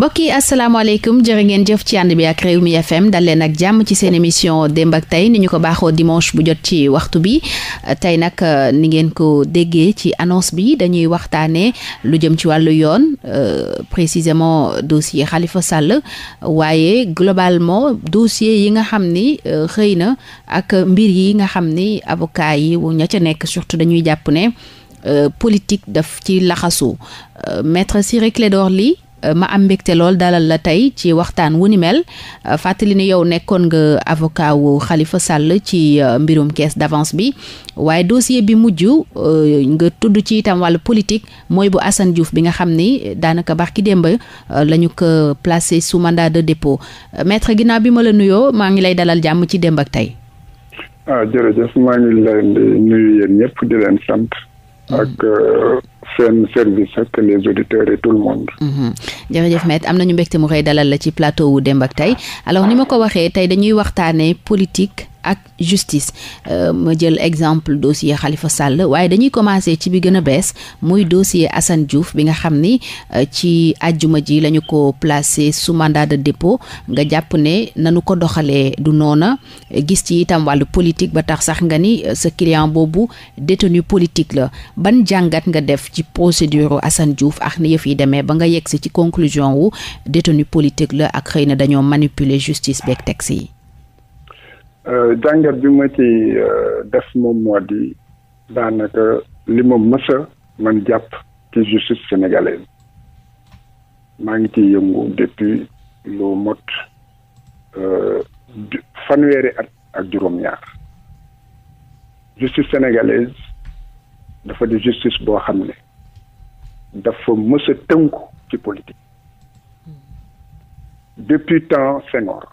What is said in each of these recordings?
mbokk yi asalaamaaleykum jërë ngeen jëf ci ànd bi ak réew mi FM dal leen ak jàmm ci seen émission démb ak tey ni ñu ko baaxoo dimanche bu jot ci waxtu bi tey nag euh, ni ngeen ko déggee ci annonce bi dañuy waxtaanee lu jëm ci wàllu yoon euh, précisément dossier xalifa sàll waaye globalement dossier yi nga xam ni euh, xëy na ak mbir yi nga xam ni avocat yi wu ña ca nekk surtout dañuy jàpp ne politique daf ci laxasu maître Ciré Clédor Ly Euh, ma am mbégte lool dalal la tey ci waxtaan wu ni mel euh, fàttali ni yow nekkoon nga avocat wu Khalifa Sall ci euh, mbirum caisse d'avance bi waaye dossier bi mujj nga tudd ci itam wàllu politique mooy bu Assane Diouf bi nga xam ni daanaka baax ki démb lañu ko placé sous mandat de dépôt metre ginnaaw bi ma la nuyoo maa ngi lay dalal jàmm ci démb ak tey. Ah, maa ngi leen nuyu yéen ñëpp di leen sant hmm. ak. seen service ak les auditeurs et tout le monde. Mhm. jërëjëf maître am nañu mbégte mu rëy dalal la ci plateau wu Demb ak Tay alors ni ma ko waxee tey dañuy waxtaanee politique ak justice euh, ma jël exemple dossier xalifa Sall waaye dañuy commencer ci bi gën a bees muy dossier Assane Diouf bi nga xam ni euh, ci àjjuma ji lañu ko placer su mandat de dépôt nga jàpp ne nanu ko doxalee du noona gis ci itam wàllu politique ba tax sax nga ni euh, sa client boobu détenu politique la ban jàngat nga def ci ci procédure Assane Diouf ak ni yëf yi demee ba nga yegg si ci conclusion wu détenu politique la ak xëy na dañoo manipuler justice beeg texte yi. Euh, jàngat bi ma ci euh, def moom moo di daanaka li ma man jàpp ci justice sénégalaise maa ngi ciy yëngu depuis lu mot euh, fanweeri at ak juróom-ñaar justice sénégalaise dafa di justice boo xam ne. dafa mës a tënku ci politique depuis temps Senghor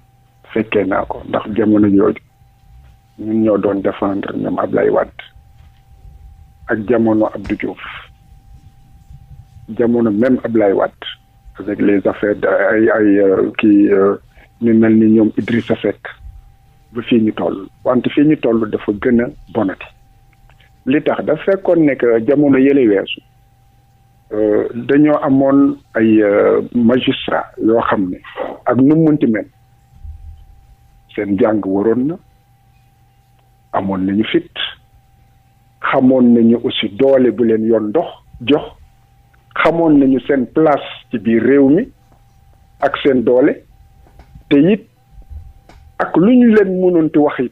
fekkee naa ko ndax jamono yooyu ñun ñoo doon défendre ab Ablaye Wade ak jamono Abdou Diouf jamono même Ablaye Wade avec les affaires ay ay euh, kii euh, ñu mel ni ñoom Idrissa Seck ba fi ñu toll wante fii ñu toll dafa gën a bonati li tax da fekkoon ne que jamono yële weesu Euh, dañoo amoon ay euh, magistrat yoo xam ne ak nu munti mel seen jàng waroon na amoon nañu fit xamoon nañu aussi doole bu leen yoon dox jox xamoon nañu seen place ci biir réew mi ak seen doole te it ak lu ñu leen mënoon ti wax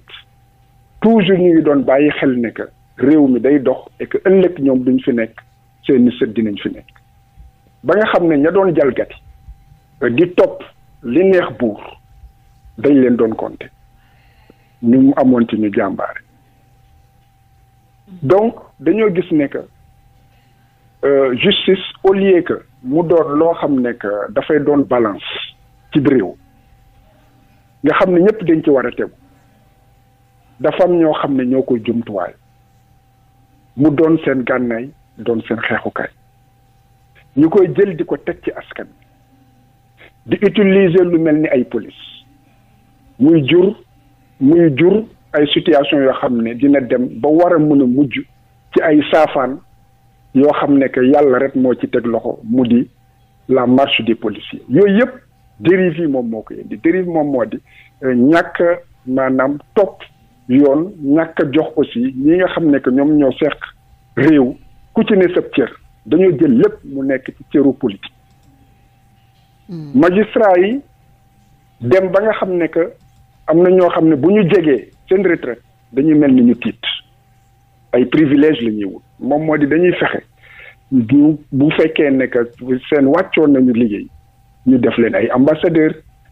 toujours ñu ngi doon bàyyi xel ne que réew mi day dox et que ëllëg ñoom duñ fi nekk seeni sët dinañ fi nekk ba nga xam ne ña doon jalgati euh, di topp li neex buur dañ leen doon compter ñu mu amoon ci ñu jàmbaare donc dañoo gis ne que euh, justice au lier que mu doon loo xam ne dafay doon balance ci réew nga xam ne ñëpp dañ ci war a tegu dafa am ñoo xam ne ñoo koy jumtuwaay mu doon seen gànnaay doon seen xeexukaay ñu koy jël di ko teg ci askan di utiliser lu mel ni ay police muy jur muy jur ay situation yoo xam ne dina dem ba war a mën a mujj ci ay saafaan yoo xam ne que yàlla rek moo ci teg loxo mu di la marché des policiers yooyu yëpp dérive yi moom moo ko indi dérive moom moo di euh, ñàkk maanaam topp yoon ñàkk jox aussi ñi nga xam ne que ñoom ñoo seq réew ku ci ne sab cër dañoo jël lépp mu nekk ci cëru politique. Hmm. magistrat yi dem ba nga xam ne que am na ñoo xam ne bu ñu jegee seen retraite dañuy mel ni ñu tiit ay privilège la ñuy wut moom moo di dañuy fexe bu bu fekkee ne que seen wàccoon nañu liggéey ñu def leen ay ambassadeur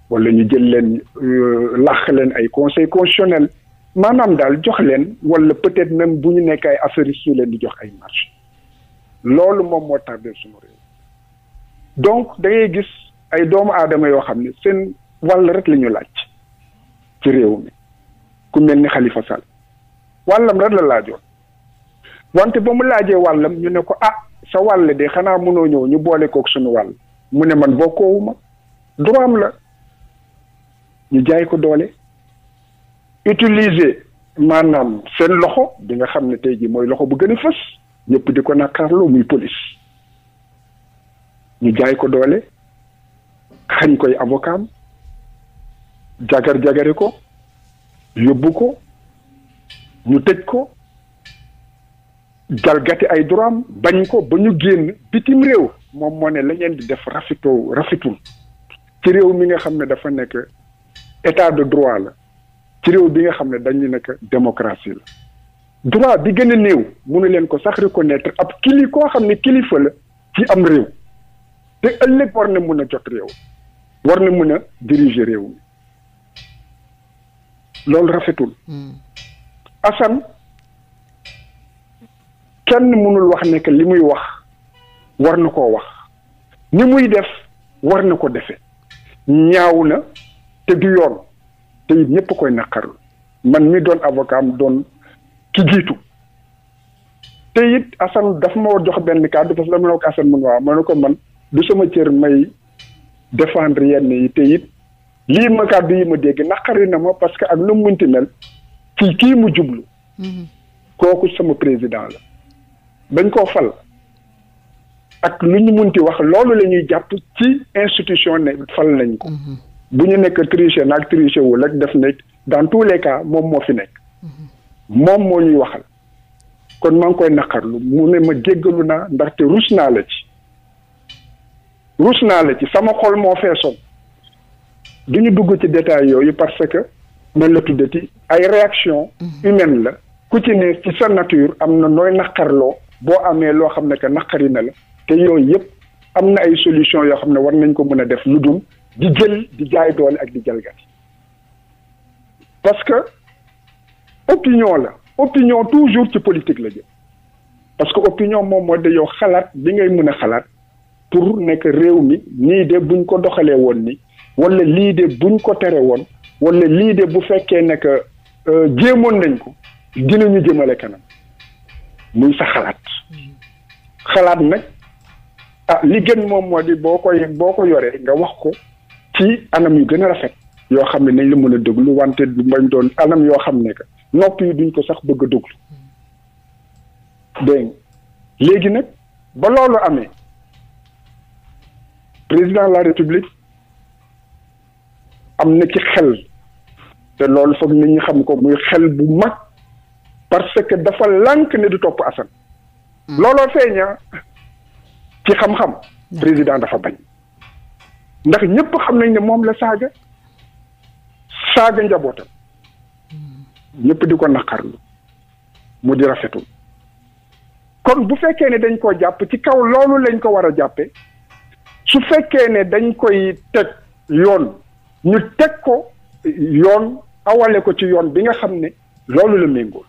wala ñu jël leen euh, làq leen ay conseil constitutionnel maanaam daal jox leen wala peut-être même bu ñu nekk ay affaires yu leen di jox ay marge loolu moom moo tardé suñu réew donc dangay gis ay doomu aadama yoo xam ne seen wàll rek la ñu laaj ci réew mi ku mel ni Khalifa Sall wàllam rek la laajoon wante ba mu laajee wàllam ñu ne ko ah sa wàll de xanaa mënoo ñëw ñu boole kook suñu wàll mu ne man bokkoowuma droit am la ñu jaay ko doole utiliser maanaam seen loxo bi nga xam ne tey jii mooy loxo bu gën a fës ñëpp di ko naqarloo muy police ñu jaay ko doole xañ koy avocat jagar jagare ko yóbbu ko ñu tëj ko jalgati ay droit bañ ko ba ñu génn bitim réew moom moo ne la ngeen di def rafitoo rafetul ci réew mi nga xam ne dafa nekk état de droit la ci réew bi nga xam ne dañu nekk démocratie la droit bi gën a néew mënu leen ko sax reconnaître ab kili koo xam ne kilifa la ci am réew te ëllëg war na mën a jot réew war na mun a diriger réew loolu rafetul hmm. Assane kenn mënul wax ne que li muy wax war na koo wax ni muy def war na ko defe ñaaw na te du yoon te it ñëpp koy naqarlu man mi doon avocat am doon ki jiitu te it Assane daf ma jox benn kàddu parce que dama ne ko Assane mun waaw ma ne ko man du sama cër may defendre yenn yi te it lii ma kàddu yi ma dégg naqari na ma parce que ak lu mu munti mel ci kii mu jublu. Mhm. kooku sama président la. dañ koo fal ak lu ñu munti wax loolu la ñuy jàpp ci institution ne fal nañ ko. Mhm. bu ñu nekk tricher naag tricher wu rek def nekk dans tous les cas moom moo fi nekk. moom moo ñuy waxal kon maa ngi koy naqarlu mu ne ma jéggalu naa ndaxte rus naa la ci rus naa la ci sama xol moo feesoon du ñu dugg ci détail yooyu parce que man la tuddati ay réaction mhm. humaine la ku ci ne ci sa nature am na nooy naqarloo boo amee loo xam ne que naqari na la te yooyu yëpp am na ay solution yoo xam ne war nañ ko mën a def lu dul di jël di jaay doole ak di jalgati parce que opinion la opinion toujours ci politique la jëm parce que opinion moom mooy de yow xalaat bi ngay mën a xalaat pour nekk réew mi nii de buñ ko doxalee woon ni wala lii de buñ ko tere woon wala lii de bu fekkee ne que euh, jéemoon nañ ko dinañu jëmale kanam muy sa xalaat xalaat nag ah li gën moom moo de boo koy boo ko yoree nga wax ko ci anam yu gën a rafet yoo xam ne nañ la mën a déglu wante du bañ doon anam yoo xam ne nopp yi duñ ko sax bëgg a déglu dégg léegi nag ba loolu amee président la république am na ci xel te loolu foog nit ñi xam ko muy xel bu mag parce que dafa lànk ne du topp Assane hmm. looloo feeña ah, ci xam-xam président dafa bañ ndax ñëpp xam nañ ne moom la saaga saaga njabootam ñëpp di ko naqarlu mu di rafetul kon bu fekkee ne dañ koo jàpp ci kaw loolu lañ ko war a jàppe su fekkee ne dañ koy teg yoon ñu teg ko yoon awale ko ci yoon bi nga xam ne loolu la méngool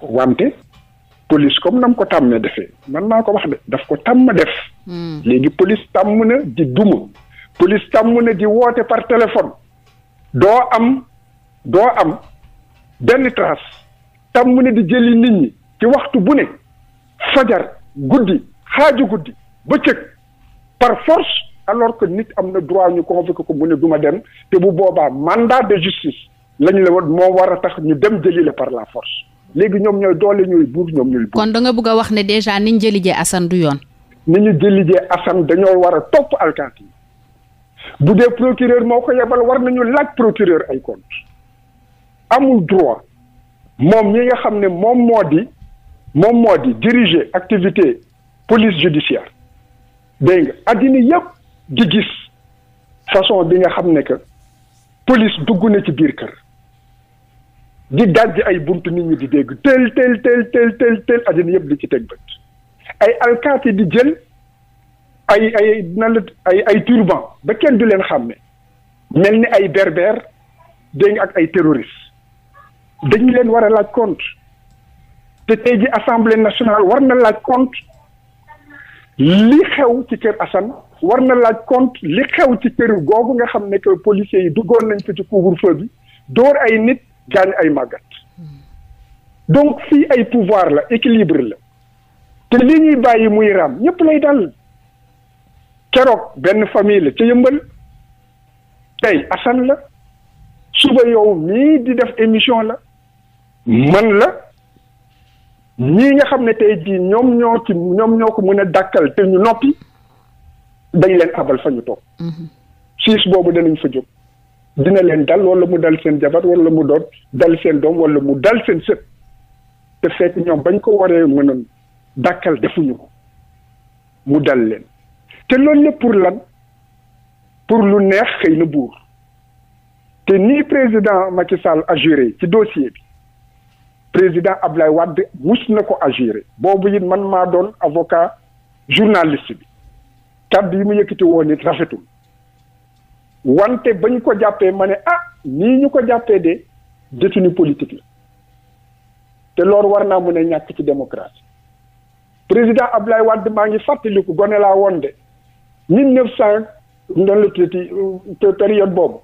wante police comme nam ko tàmmee defee man naa ko wax de daf ko tàmm def hmm. léegi police tàmm na di duma police tàmm na di woote par téléphone doo am doo am benn trace tam mu ne di jëli nit ñi ci waxtu bu ne fajar guddi xaaju guddi bëccëg par force alors que nit am na droit ñu convoqué ko mu ne du dem te bu boobaa mandat de justice lañu la woon moo war a tax ñu dem jëli la par la force léegi ñoom ñooy doole ñooy buur ñoom ñooy buur kon da nga bëgg a wax ne déjà niñ jëli jee Assane du yoon ni ñu jëli jee dañoo war a topp alkaati yi bu dee procureur moo ko yebal war nañu laaj procureur ay compte amul droit moom ñi nga xam ne moom moo di moom moo di diriger activité police judiciaire dégg nga addina yëpp di gis façon bi nga xam ne que police dugg na ci biir kër di dajji ay bunt nit ñi di dégg tel tel tel tel tel tel addina yëpp di ci teg bët ay alkaati di jël ay ay nan ay ay turban ba kenn du leen xàmme mel ni ay berber dégg ak ay terroriste dañu leen war a laaj compte te tey ji assemblée nationale war na laaj compte li xew ci kër assan war na laaj compte li xew ci kër googu nga xam ne que yi du nañ ko ci couvre-feu bi door ay nit gaañ ay màggat donc fii ay pouvoir la équilibre la te li ñuy bàyyi muy raam ñëpp lay dal keroog benn famille la ci yëmbal tey assan la suba yow mii di def émission la mën la ñii nga xam ne tey jii ñoom ñoo ci ñoom ñoo ko mën a dàkkal te ñu noppi dañ leen abal fa ñu toog mhm. siis boobu danañ fa jóg dina leen dal wala mu dal seen jabar wala mu doon dal seen doom wala mu dal seen sët te fekk ñoom bañ ko waree mën a dàkkal defuñu ko mu dal leen te loolu lépp pour lan pour lu neex xëy na buur te nii président Macky Sall a juré ci dossier bi président Ablaye Wade mus na ko agiré boobu it man maa doon avocat journaliste bi kàddu yi mu yëkkati woon it rafetul wante ba ko jàppee ma ne ah nii ñu ko jàppee de détenu politique la te loolu war naa mën a ñàkk ci démocratie président Ablaye Wade maa ngi fàttaliku gone laa woon de mille neuf cent doon la traité euh, période boobu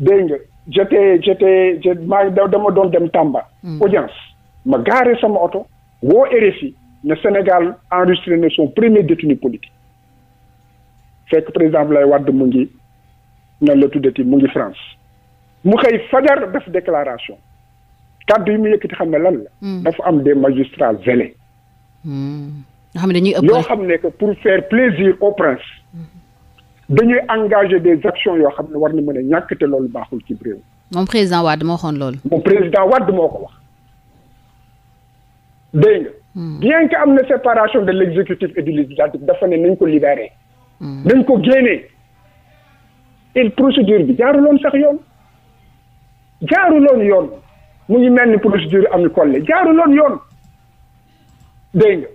dégg nga j'étais j'étais maa dama doon dem tàmba hmm. audience ma gaare sama oto woo RFI ne Sénégal enregistré na son premier détenu politique fekk président Abdoulaye Wade mu ngi nan la tuddati mu ngi France mu xëy fajar def déclaration kàddu yi mu yëkkati xam ne lan la. Hmm. dafa am des magistrats zélés. Hmm. yoo xam ne dañuy yoo xam ne que pour faire plaisir au prince. Hmm. dañuy engager des actions yoo xam ne war na mën a ñàkk te loolu baaxul ci réew. moom président Wade moo waxoon loolu. moom président wadd moo ko wax. dégg nga. Hmm. bien que am na séparation de l' exécutif et du législatif dafa ne nañ ko libéré. Hmm. nañ ko génnee. il procédure bi jaaruloon sax yoon. jaaruloon yoon mu ngi mel ni procédure am ni colle jaaruloon yoon. dégg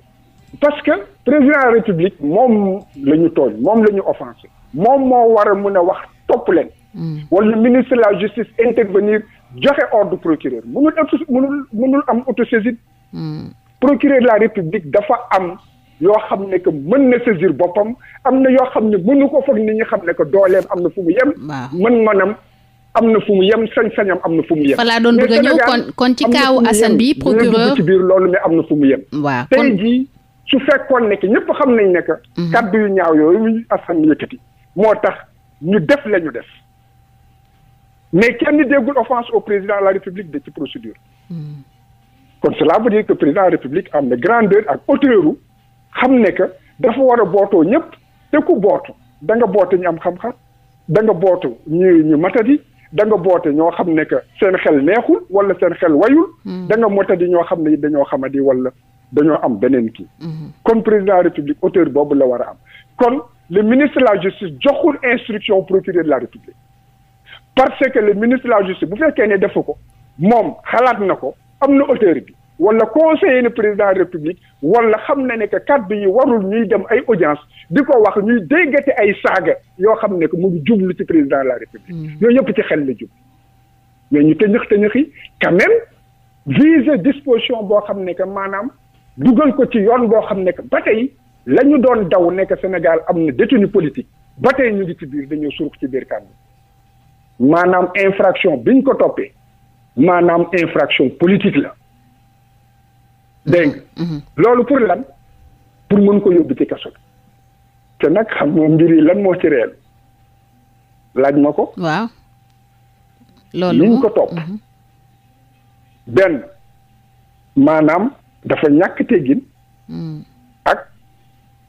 parce que président de la république moom la ñu tooñ moom la ñu offensé moom moo war a mun a wax topp leen. Hmm. wala ministre de la justice intervenir joxe ordre procureur munul munul munul am auto autosaisine. procureur de la république dafa am yoo xam ne que mën na saisir boppam am na yoo xam ne mënu ko foog nit ñi xam ne que dooleem am na fu mu yem. mën mënam am am na fu mu yem sañ-sañam am na fu mu yem. fa a kon kon ci kaawu Assane bi procureur ci biir loolu mais am na fu mu yem. waaw kon jii su fekkoon ne que ñëpp xam nañ ne que. Mhm. yu ñaaw yooyu Assane yëkkati moo tax ñu def la ñu def. mais kenn déggul offense au président la république de ci procédure. Mm. kon cela veut dire que président république am na grandeur ak hauteur xam ne que dafa war a bootoo ñëpp te ku bootu da nga boote ñu am xam-xam da nga bootu ñu ñu matadi da nga boote ñoo xam ne que seen xel neexul wala seen xel wayul hmm. da nga matadi ñoo xam ne dañoo xamadi wala dañoo am beneen kii hmm. kon président république hauteur boobu la war a am kon le ministre de la justice joxul instruction procureur de la république parce que le ministre de la justice bu fekkee ne defu ko moom xalaat na ko am na auteur bi wala conseiller le président de la république wala xam na ne que bi yi warul ñuy dem ay audience di ko wax ñuy déggate ay saaga yoo xam ne que mu jublu ci président la république mm. yooyu yëpp ci xel la jub mais ñu tëñëx tëñëx yi quand même disposition boo xam ne que maanaam dugal ko ci yoon boo xam ne que ba tey la ñu doon daw nekk Sénégal am na détenu politique ba tey ñu ngi ci biir dañoo surux ci biir kàddu maanaam infraction biñ ko toppee maanaam infraction politique la dégg nga mhm. Mhm. loolu pour lan pour mën ko yóbbu ci kaso bi te nag xam nga mbir yi lan moo ci réel laaj ma ko. waaw loolu liñ ko topp. Mhm. benn maanaam dafa ñàkk teggin. ak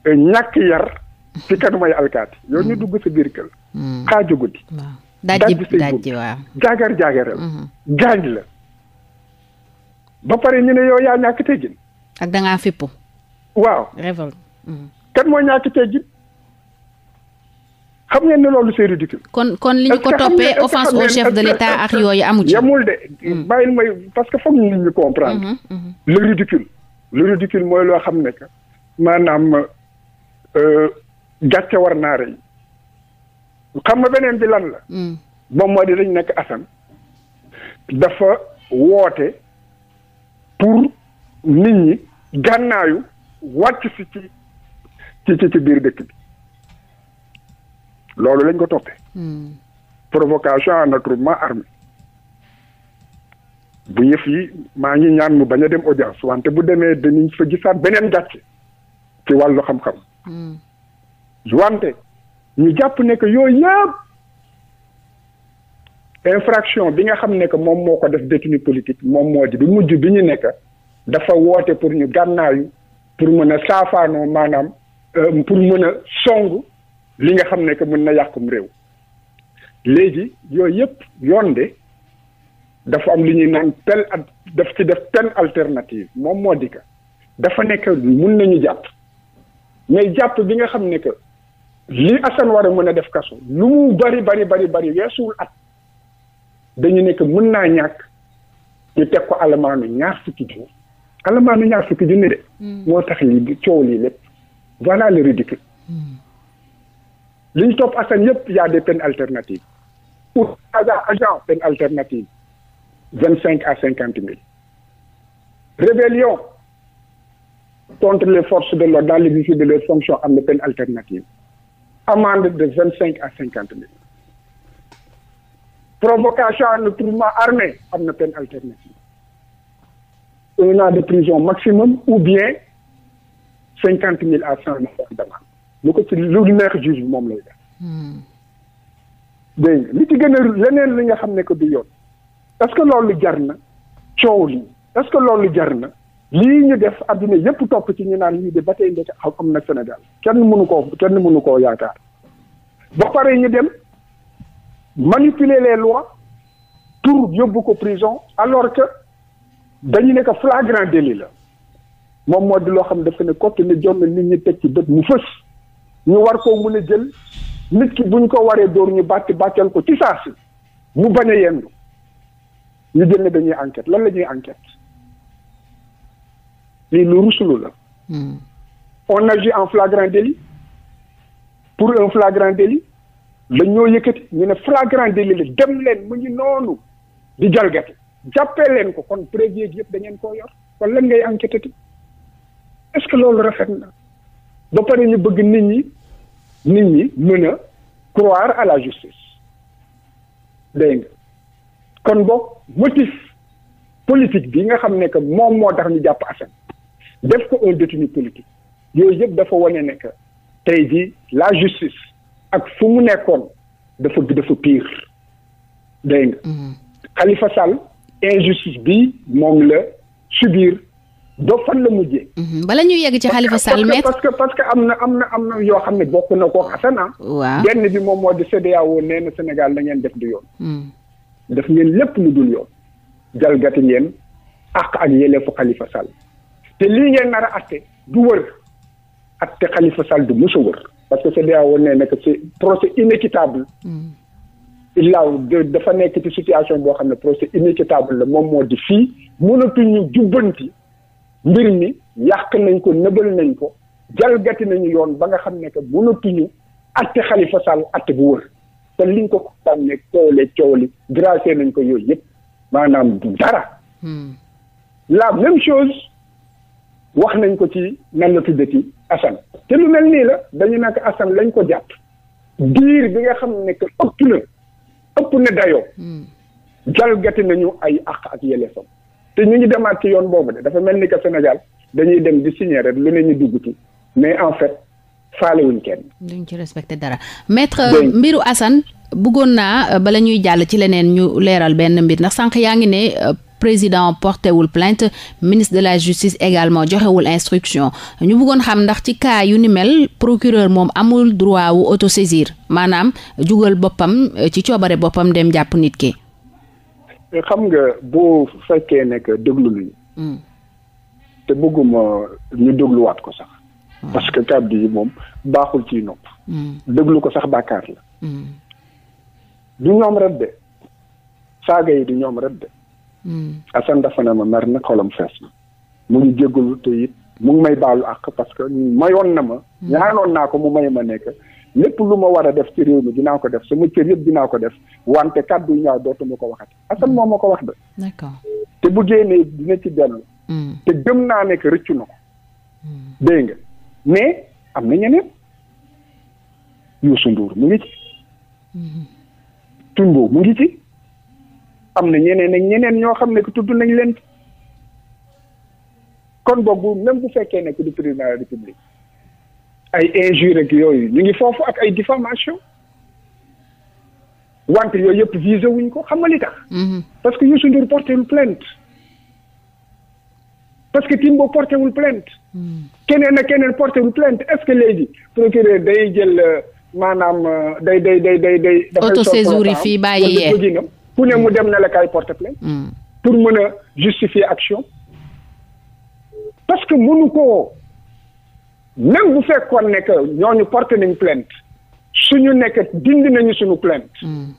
ñàkk yar. ci kanumay alkaati yow ñu dugg sa biir kër. xaaju guddi. dajji dajji waaw jaagar jaagaral gaañ mhm. la ba pare ñu ne yow yaa ñàkk teggin ak da fippu waaw révolte mhm. kan moo ñàkk teggin xam ngeen ne loolu c'est ridicule kon kon li ñu ko toppee offense au chef de l'État ak yooyu amu ci de mhm. bàyyil may parce que foog nit ñu comprendre le ridicule le ridicule mooy loo xam ne maanaam euh, gàcce war naa rey xam nga beneen bi lan la. Mm. moom moo di dañ nekk Assane dafa woote pour nit ñi gànnaayu wàcc ci ci ci biir dëkk bi loolu lañ ko toppee. Mm. provocation à un attroupement bu yëf yi maa ngi ñaan mu bañ a dem audience wante bu demee danañ fa gisaat beneen gàcce ci wàllu xam-xam. Mm. wante. ñu jàpp ne que yooyu yëpp infraction bi nga xam ne que moom moo ko def détenu politique moom moo di bi mujj bi ñu nekk dafa woote pour ñu gànnaayu pour mën a saafaanoo maanaam euh, pour mën a song li nga xam ne que mën na yàqum réew léegi yooyu yëpp yoon de dafa am li ñuy naan peine daf ci def peine alternative moom moo di dafa nekk mun nañu jàpp mais jàpp bi nga xam ne li Assane war a mën a def kaso lu mu bari bari bari bari suul at dañu nekk mën naa ñàkk ñu teg ko alamaanu ñaar fukki junni alamaanu fukki junni de hmm. moo tax lii coow lii lépp voilà le ridicule hmm. li ñu topp Assane yëpp y a des peines alternatives pour agent agent peine alternative vingt cinq à cinquante mille rébellion contre les forces de l'ordre dans l'exercice de leurs fonctions am na peine alternative amende de vingt cinq à cinquante mille provocation à l'attroupement armé am na peine alternative un an de prison maximum ou bien cinquante mille à cent mille francs d'amende lu ko ci lu neex juge moom lay def dégg li ci gën a leneen li nga xam ne ko du yoon est-ce que loolu jar na coow li est-ce que loolu jar na lii ñu def adduna yépp topp ci ñu naan lii de ba tey ndeke am na Sénégal kenn mënu koo kenn mënu koo yaakaar ba paree ñu dem manipuler les lois pour yóbbu ko prison alors que dañu ne ko flagrant délit la moom moo di loo xam dafa ne kott ne jom nit ñi teg ci bët mu fës ñu war koo mën a jël nit ki buñ ko waree dóor ñu bàtti bàttal ko ci saa si mu bañ a yendu ñu jël ne dañuy enquête lan la ñuy enquête lii lu rusulu la. Hmm. on agit en flagrant délit pour un flagrant délit dañ ñoo yëkkati ñu ne flagrant délit la dem leen mu ngi noonu di jalgati jàppee leen ko kon preuve yeeg yëpp da ngeen koo yor kon lan ngay enquêté est-ce que loolu rafet na ba pare ñu bëgg nit ñi nit ñi mën a croire à la justice dégg nga kon boog motif politique bi nga xam ne que moom moo tax ñu jàpp Assane def ko on détenu politique yooyu yëpp dafa wane ne que tey jii la justice ak fu mu nekkoon dafa dafa piir dégg nga. Mhm. Khalifa Sall injustice bi moom la subir doo fan la mujjee. Mhm. bala ñuy yegg ci Khalifa Sall mais parce que parce que am na am na am na yoo xam ne bokk na ko xasan ah. waaw benn bi moom moo di CEDEAO nee na Sénégal la ngeen def di yoon. Mhm. def ngeen lépp lu dul yoon. jalgati ngeen àq ak yelleefu Khalifa Sall. te lii ngeen nar a atte du wër atte Khalifa Sall du mos a wër parce que CEDEAO ne nekk c'est procès inéquitable mm. illaaw dafa nekk ci situation boo xam ne procès inéquitable la moom moo di fii mënatuñu jubbanti mbir mi yàq nañ ko nëbal nañ ko jalgati nañu yoon ba nga xam ne que mënatuñu atte Khalifa Sall atte bu wër te liñ ko xam ne coowle coowli gracé nañ ko yooyu yëpp maanaam du dara mm. la même chose wax nañ ko ci nan la tuddati Assane te lu mel nii la dañu nekk Assane lañ ko jàpp diir bi nga xam ne que ëpp na dayoo hmm. jalgati nañu ay àq ak yelleefam te ñu ngi demaat ci yoon boobu de dafa mel ni que Sénégal dañuy dem di signer rek lu ne ñu dugg mais en fait faale wuñ kenn. duñ ci respecté dara maître mbiru Assane bëggoon naa bala ñuy jàll ci leneen ñu leeral benn mbir ndax sànq yaa ngi ne euh, président portewul plainte ministre de la justice également joxewul instruction ñu buggoon xam ndax ci cas yu ni mel procureur moom amul droit wu saisir maanaam jugal boppam euh, ci coobare boppam dem jàpp nit ki. Euh, xam nga boo fekkee nekk déglu luñu hmm. te bëgguma ñu dégluwaat ko sax. Hmm. parce que kàddu yi moom baaxul ciy nopp. Hmm. déglu ko sax bàkkaar la. du ñoom rek de saaga yi du ñoom rek de. Assane dafa na ma mer na xolam fees na mu ngi jégalu te mu ngi may baalu àq parce que mayoon na ma. Mm. ñaanoon naa ko mu may ma nekk lépp lu ma war a def ci réew mi dinaa ko def sama cër yëpp dinaa ko def wante kàddu ñaaw dootuma ko waxati mm. Assane moom moo ko wax de. te bu génnee dina ci dellu. Mm. te gëm naa ne que rëccu na ko. dégg nga mais am na ñeneen Youssou Ndour mu ngi ci. Mm-hmm. Tumbo mu ngi ci. am na ñeneen ak ñeneen ñoo xam ne que tudd nañ leen kon boobu même bu fekkee nekk du président de la république ay injure ak yooyu ñu ngi foofu ak ay diffamation wante yooyu yëpp visé wuñ ko xam nga li tax. Mm-hmm. parce que Youssou Ndour porté wul plainte parce que Timbo porté wul plainte. Mm. keneen a keneen porté wul plainte est que léegi procureur day jël euh, maanaam euh, day day day day day. dafay soog autosaisur yi fii bàyyi yee ku ne mu hmm. dem na la kaay porte plainte hmm. pour mën a justifier action parce que mënu ko même bu fekkoon ne ñooñu porté nañ plainte suñu nekk dindi nañu suñu plainte hmm.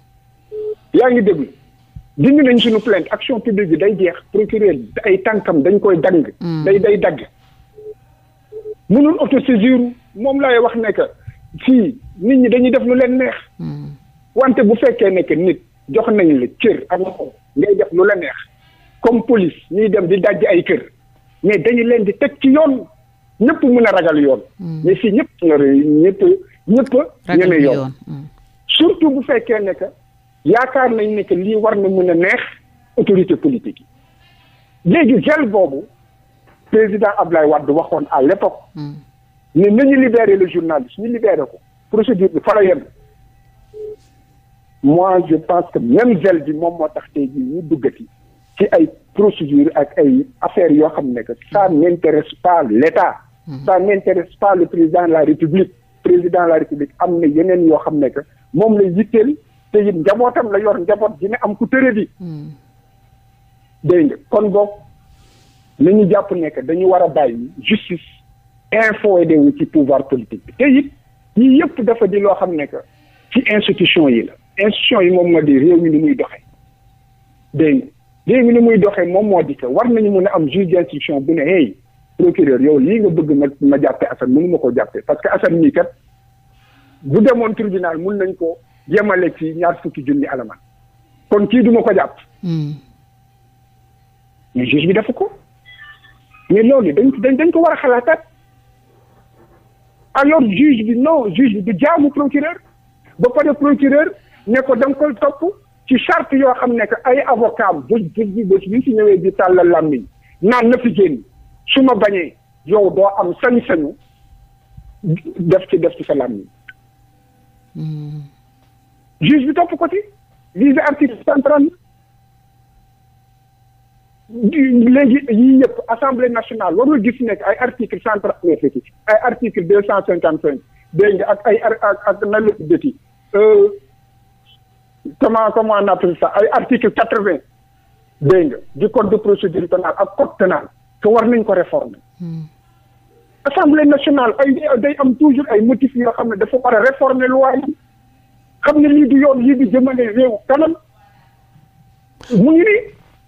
yaa ngi déglu dindi nañ suñu plainte action publique bi day jeex procureur ay tànkam dañ koy dagg day day dagg mënul autosaisir moom lay wax ne que fii nit ñi dañuy def lu leen neex wante bu fekkee ne que nit jox nañ la cër ak ngay def lu la neex comme police ñuy dem di dajj ay kër mais dañu leen di teg ci yoon ñëpp mën a ragal yoon. Hmm. mais si ñëpp nga ñëpp ñëpp ñeme yoon. Hmm. surtout bu fekkee ne que yaakaar nañ ne que lii war na mën a neex autorité politique yi léegi gel boobu président ab Ablaye Wade waxoon à l'époque. Hmm. ne nañu libere le journaliste ñu libéré ko procédure bi fa yem moi je pense que même gel bi moom moo tax tey jii ñu duggati ci ay procédure ak ay affaires yoo xam ne que ça n'intéresse pas l'État mhm. ça n'intéresse pas le président de la République président de la République am na yeneen yoo xam ne que moom la yitteel te it njabootam la yor njaboot dina am ku tëre bi mhm. nga kon boog li ñu jàpp ne que dañu war a bàyyi justice info wu ci pouvoir politique bi te it ñii yëpp dafa di loo xam ne que ci institution yi la institution yi moom moo di réew mi ni muy doxee dégg nga réew mi ni muy doxee moom moo di que war nañu mun a am juge d'instruction bu ne hey procureur yow lii nga bëgg ma ma jàppee Assane mënu ma koo jàppee parce que Assane mii kat bu demoon tribunal mun nañ ko yemale ci ñaar fukki junni alamaan kon kii duma ko jàpp. Hmm. mais juge bi dafa ko mais loolu dañ dañ ko war a xalaataat alors juge bi non juge bi du jaamu procureur ba pare procureur. ne ko da nga koy topp ci charte yoo xam ne que ay avocat bu bu bés bi si ñëwee di tàllal làmmiñ naan na fi génn su ma bañee yow doo am sañ-sañu def ci def ci sa làmmiñ juge bi topp ko ci vise article cent trente léegi yii yëpp assemblée nationale warul gis nekk ay article cent trente neuf ay article deux cent cinquante cinq dégg nga ak ay ak ak na la comment comment on appelle ça ay article quatre vingt dégg nga du code de procédure pénale ak code pénal que war nañ ko réformer. Hmm. assemblée nationale ay day am toujours ay motifs yoo xam ne dafa war a réformer loi yi xam ne lii du yoon lii du jëmale réew kanam mu ngi ni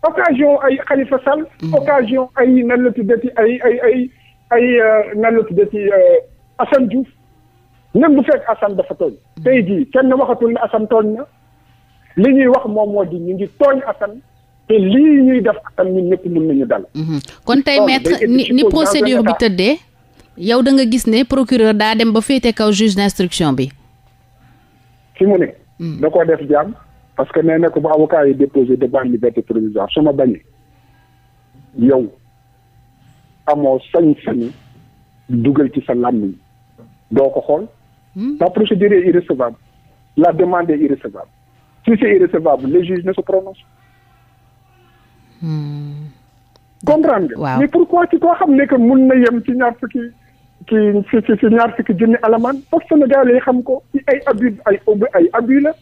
occasion ay Khalifa Sall. Hmm. occasion ay nan la tuddati ay ay ay ay euh, nan la tuddati euh, Assane Diouf même bu fekk Assane dafa tooñ. Hmm. tey jii kenn waxatul ne Assane tooñ na. li ñuy wax moom moo di ñu ngi tooñ Assane te lii ñuy def Assane ñun ñëpp mën nañu dal. Mhm. kon tey maître ni ni procédure bi tëddee. yow da nga gis ne procureur daa dem ba féete kaw juge d'instruction bi. fi mu ne. Mhm. da koo def jàmm parce que nee na ko bu avocat yi déposé devant liberté provisoire su ma bañee yow amoo sañ-sañu dugal ci sa làmmiñ doo ko xool. Mhm. la procédure est la demande est irrecevable. Si c'est irrécevable, les juges hmm. mais pourquoi ci koo xam ne que mun na yem ci ñaar fukki ci ci ci ñaar fukki alamaan parce que yi xam ko ci ay abus ay ay ay abus la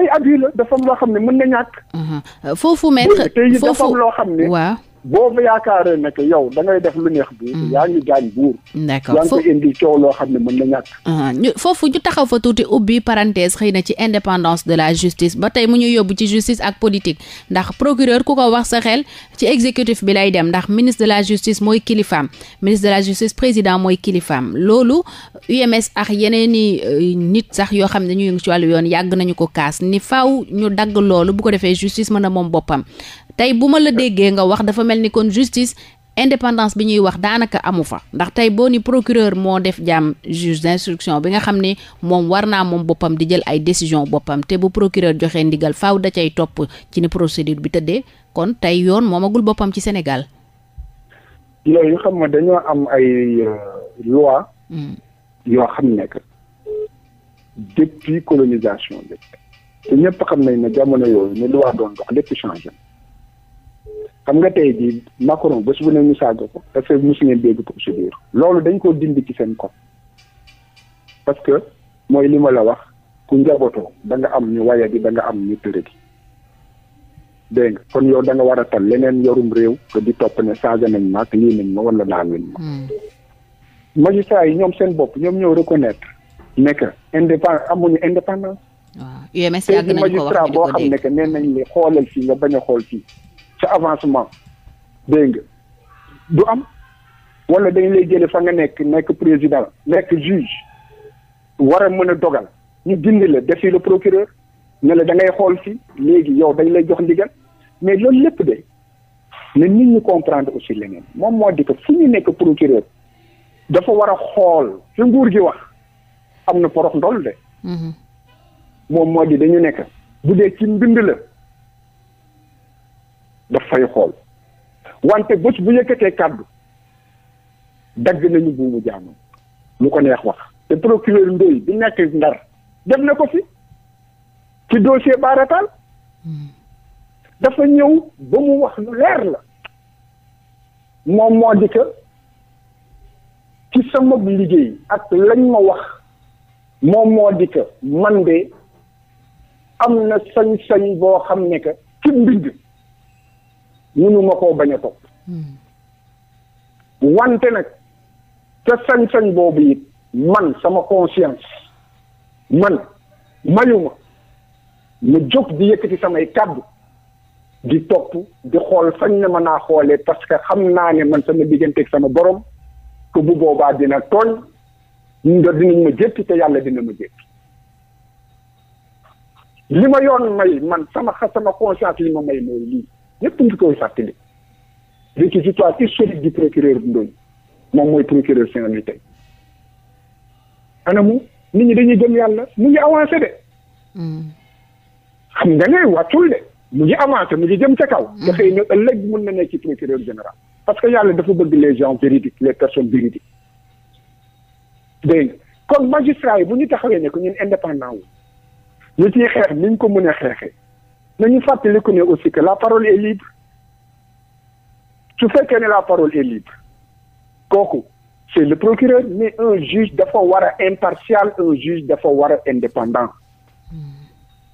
hmm. loo xam ne mën na ñàkk. Hmm. foofu maître foofu loo xam ne. waaw. boo yaakaaree ne que yow da ngay def lu neex buur. Hmm. yaa ngi gaañ buur. d'accord yaa ngi koy indi coow loo xam ne mën na ñàkk. Ah, ñu foofu ñu taxaw fa tuuti ubbi parenthèse xëy na ci indépendance de la justice ba tey mu ñu yóbbu ci justice ak politique ndax procureur ku ko wax sa xel ci exécutif bi lay dem ndax ministre de la justice mooy kilifaam ministre de la justice président mooy kilifaam loolu UMS ak yeneen i euh, nit sax yoo xam ne ñu yëngu ci wàllu yoon yàgg nañu ko kaas ni faaw ñu dagg loolu bu ko defee justice mën a moom boppam tey bu ma la déggee nga wax dafa mel ni kon justice indépendance bi ñuy wax daanaka amu fa ndax tey boo ni procureur moo def jàmm juge d'instruction bi nga xam ne moom war naa moom boppam di jël ay décision boppam te bu procureur joxe ndigal faaw da cay topp ci ni procédure bi tëddee kon tey yoon moomagul boppam ci Sénégal. yooyu xam nga dañoo am ay euh, loi hmm. yoo xam ne que colonisation bi te ñëpp xam nañ ne jamono yooyu ne loi doon wax lépp changé. xam nga tey jii Macron bés bu ne ñu saaga ko parce que mosu ngeen dégg procédure loolu dañ ko dindi ci seen code parce que mooy li ma la wax ku njabootoo da nga am ñu waya di da am ñu tëre di nga kon yow danga war a tal leneen yorum réew que di topp ne saaga nañ ma ak lii nañ ma wala naan nañ ma. Hmm. magistrat yi ñoom seen bopp ñoom ñoo reconnaître ne que indépend amuñu indépendance. waaw UMS yàgg nañu ko wax magistrat xam ne que nañ li xoolal fii nga bañ a xool fii. sa avancement dégg nga du am wala dañ lay jëlee fa nga nekk nekk président nekk juge war a mën a dogal ñu dindi la defi le procureur ne la da ngay xool fii léegi yow dañ lay jox ndigal mais loolu lépp de ne nit ñi comprendre aussi leneen moom moo di que fu ñu nekk procureur dafa war a xool fi nguur gi wax am na porox ndol de. Mm-hmm. moom moo di dañu nekk bu dee ci mbind la. daf fay xool wante bés bu yëkkatee kàddu dagg nañu buumu jaamam lu ko neex wax te procureur Ndoye bi nekk Ndar def na ko fi ci dossier baarataal dafa ñëw ba mu wax lu leer la moom moo di que ci sama liggéey ak lañ ma wax moom moo di que man de am na sañ-sañ boo xam ne que ci mbind mënu ma koo bañ a topp wante nag ca sañ-sañ boobu it man sama conscience man mayuma ma jóg di yëkkati samay kàddu di topp di xool sañ ne ma naa xoolee parce que xam naa ne man sama digganteeg sama borom que bu boobaa dina tooñ nga dinañ ma jéppi te yàlla dina ma jéppi li ma yoon may man sama xa sama conscience li ma may mooy lii ñëpp ngi koy fàttali réquisitoire historique du procureur Ndoye moom mooy procureur Saint-Louis tey anamu nit ñi dañuy jëm yàlla mu ngi avancé de. Hmm. xam nga ne wàccul de mu ngi avancé mu ngi jëm ca kaw. dafay hmm. ne mun na nekk ci procureur général. parce que yàlla dafa bëgg les gens véridiques les personnes véridiques dégg nga kon magistrat yi bu ñu taxawee ne ko ñun indépendant wu ñu ciy xeex ni ñu ko mun a xeexee. nañu fàttaliku ne aussi que la parole est libre su fekkee ne la parole est libre kooku c'est le procureur mais un juge dafa war a impartial un juge dafa war a indépendant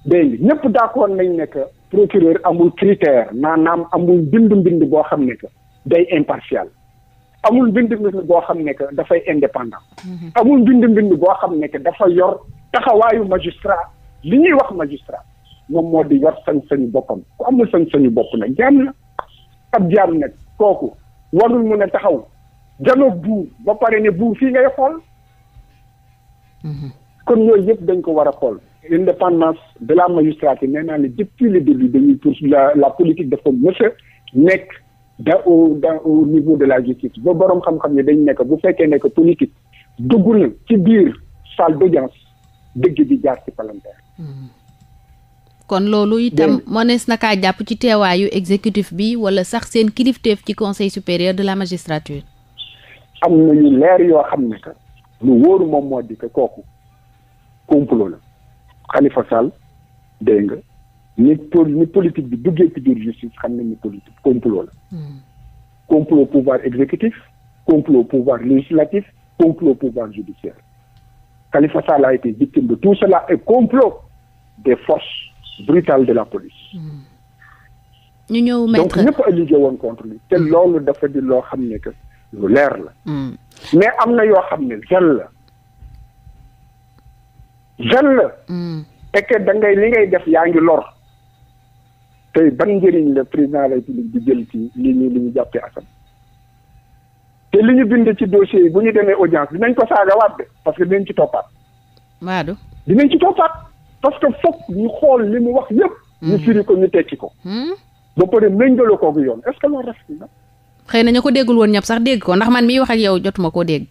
dégg nga ñëpp d'accord nañ ne que procureur amul critère maanaam amul bindu mbind boo xam ne day impartial amul bindu mbind boo xam ne que dafay indépendant mhm. amul bindu mbind boo xam ne que dafa yor taxawaayu magistrat li ñuy wax magistrat moom moo di war sañ-sañu boppam ku amul sañ-sañu bopp nag jaam na ab jaam nag kooku warul mun a taxaw janoog buur ba pare ne buur fii ngay xool mm-hmm. kon yooyu yëpp dañ ko war a xool indépendance de la magistrature nee naa ne depuis le début dañuy pour la la politique dafa mës a nekk da au da au niveau de la justice ba boroom xam-xam yi dañ nekk bu fekkee nekk politique dugg na ci biir salle d'audience dëgg bi jaar ci palanteer mm-hmm. kon loolu itam mënees na kaa jàpp ci teewaayu exécutif bi wala sax seen kilifteef ci conseil supérieur de la magistrature am na yu leer yoo xam ne lu wóoru moom moo di que kooku complot la Khalifa Sall dégg nga ni bi duggee ci justice xam nañu ni politique complot la hmm. complot pouvoir exécutif complot pouvoir législatif complot pouvoir judiciaire Khalifa Sall a été victime de tout cela et complot des forces brutale de la police. ñu ñëw maître donc ñëpp a liggéey woon contre lui te mm. loolu dafa di loo xam ne que lu leer la. Mm. mais am na yoo xam ne gel la. gel la. Mm. et que da li ngay def yaa ngi lor. tey ban njëriñ la président de la République di jël ci lii nii li ñu jàppee asam te li ñu bind ci dossier yi bu ñu demee audience dinañ ko saagawaat de parce que dinañ ci toppaat. waadu dinañ ci toppaat. parce que foog ñu xool li mu wax yépp ñu hmm. firi ko ñu tekki ko. Hmm? ba pare méngale koog yoon est-ce que loolu rafet xëy na ñu ko déggul woon ñëpp sax dégg ko ndax man miy wax yow jotuma koo dégg.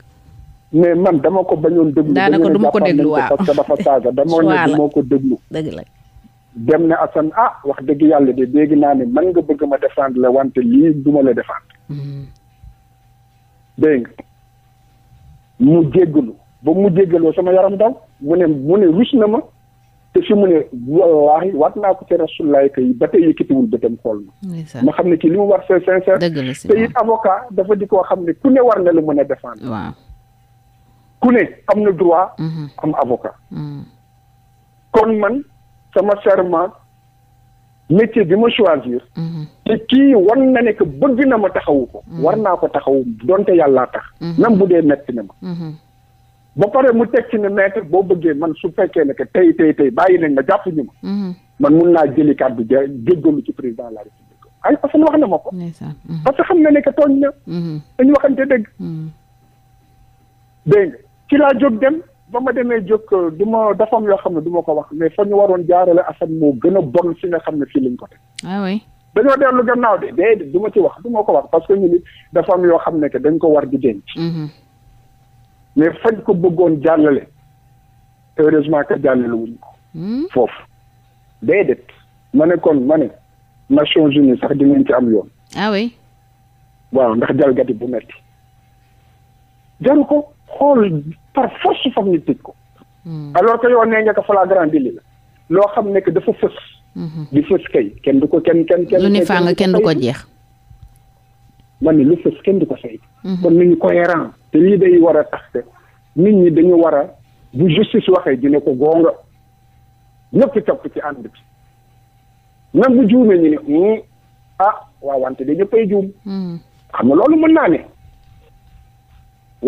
mais man dama ko bañoon déglu. daanaka du ma ko déglu waaw parce que dafa saaga dama ne ko déglu. dëgg la. dem ne Assane ah wax dëgg yàlla de dégg naa man nga bëgg ma défendre la wante lii du ma la défendre. Hmm. dégg nga mu jéggalu ba mu jéggaloo sama yaram daw mu ne mu ne rus na ma. te fi mu ne wallaahi waat naa ko ci rasulaay kay ba tey yëkkatiwul bëtam xool ma ma xam ne kii li mu war c'est sincère te it avocat dafa di ko xam ne ku ne war na la mën a défendre ku ne am na droit mhm. am avocat mhm. kon man sama serment métier bi ma choisir mhm. te kii wan na ne que bëgg na ma taxawu ko war naa ko taxawu donte yàllaa tax même bu dee metti na ma ba pare mu teg ci ne maître boo bëggee man su fekkee ne tey tey tey bàyyi nañ ma jàpp ñu ma. Mm-hmm. man mun naa jëli kàddu ja jéggalu ci président de la république ay parce que wax ne ma ko. Mm-hmm. parce que xam na ne que tooñ na. Mm-hmm. dañu te dëgg. de nga ci laa jóg dem ba ma demee jóg euh, du ma dafa am yoo xam ne duma ko wax mais fa ñu waroon jaarale Assane moo gën a bon si nga xam ne fii lañ ko teg. ah oui dañoo dellu gannaaw de déedéet du ma ci wax du ma ko wax parce que ñu nit dafa xam ne que dañ ko war di denc. mais fañ ko bëggoon jàllale heureusement que jàllale wuñ ko. Hmm? foofu déedéet. ma ne kon ma ne Nations Unies sax dinañ ci am yoon. ah waaw ndax jalgati bu metti jaru ko xool par force foog ñu tëj ko. Hmm. alors que yow nee nga ko flagrant délit la. loo xam ne dafa fës. Hmm. di fës kay kenn du ko kenn kenn. kenn lu kenn du ko jeex. ma ne lu fës kenn du ko saytu. Mhm. kon nañu cohérent te lii day war a tax nit ñi dañu war a bu justice waxee dina ko gonga ñëpp topp ci ànd bi même bu juumee ñu ne hmm, ah waa wante da ñëppay juum mhm. xam nga loolu mën naa ne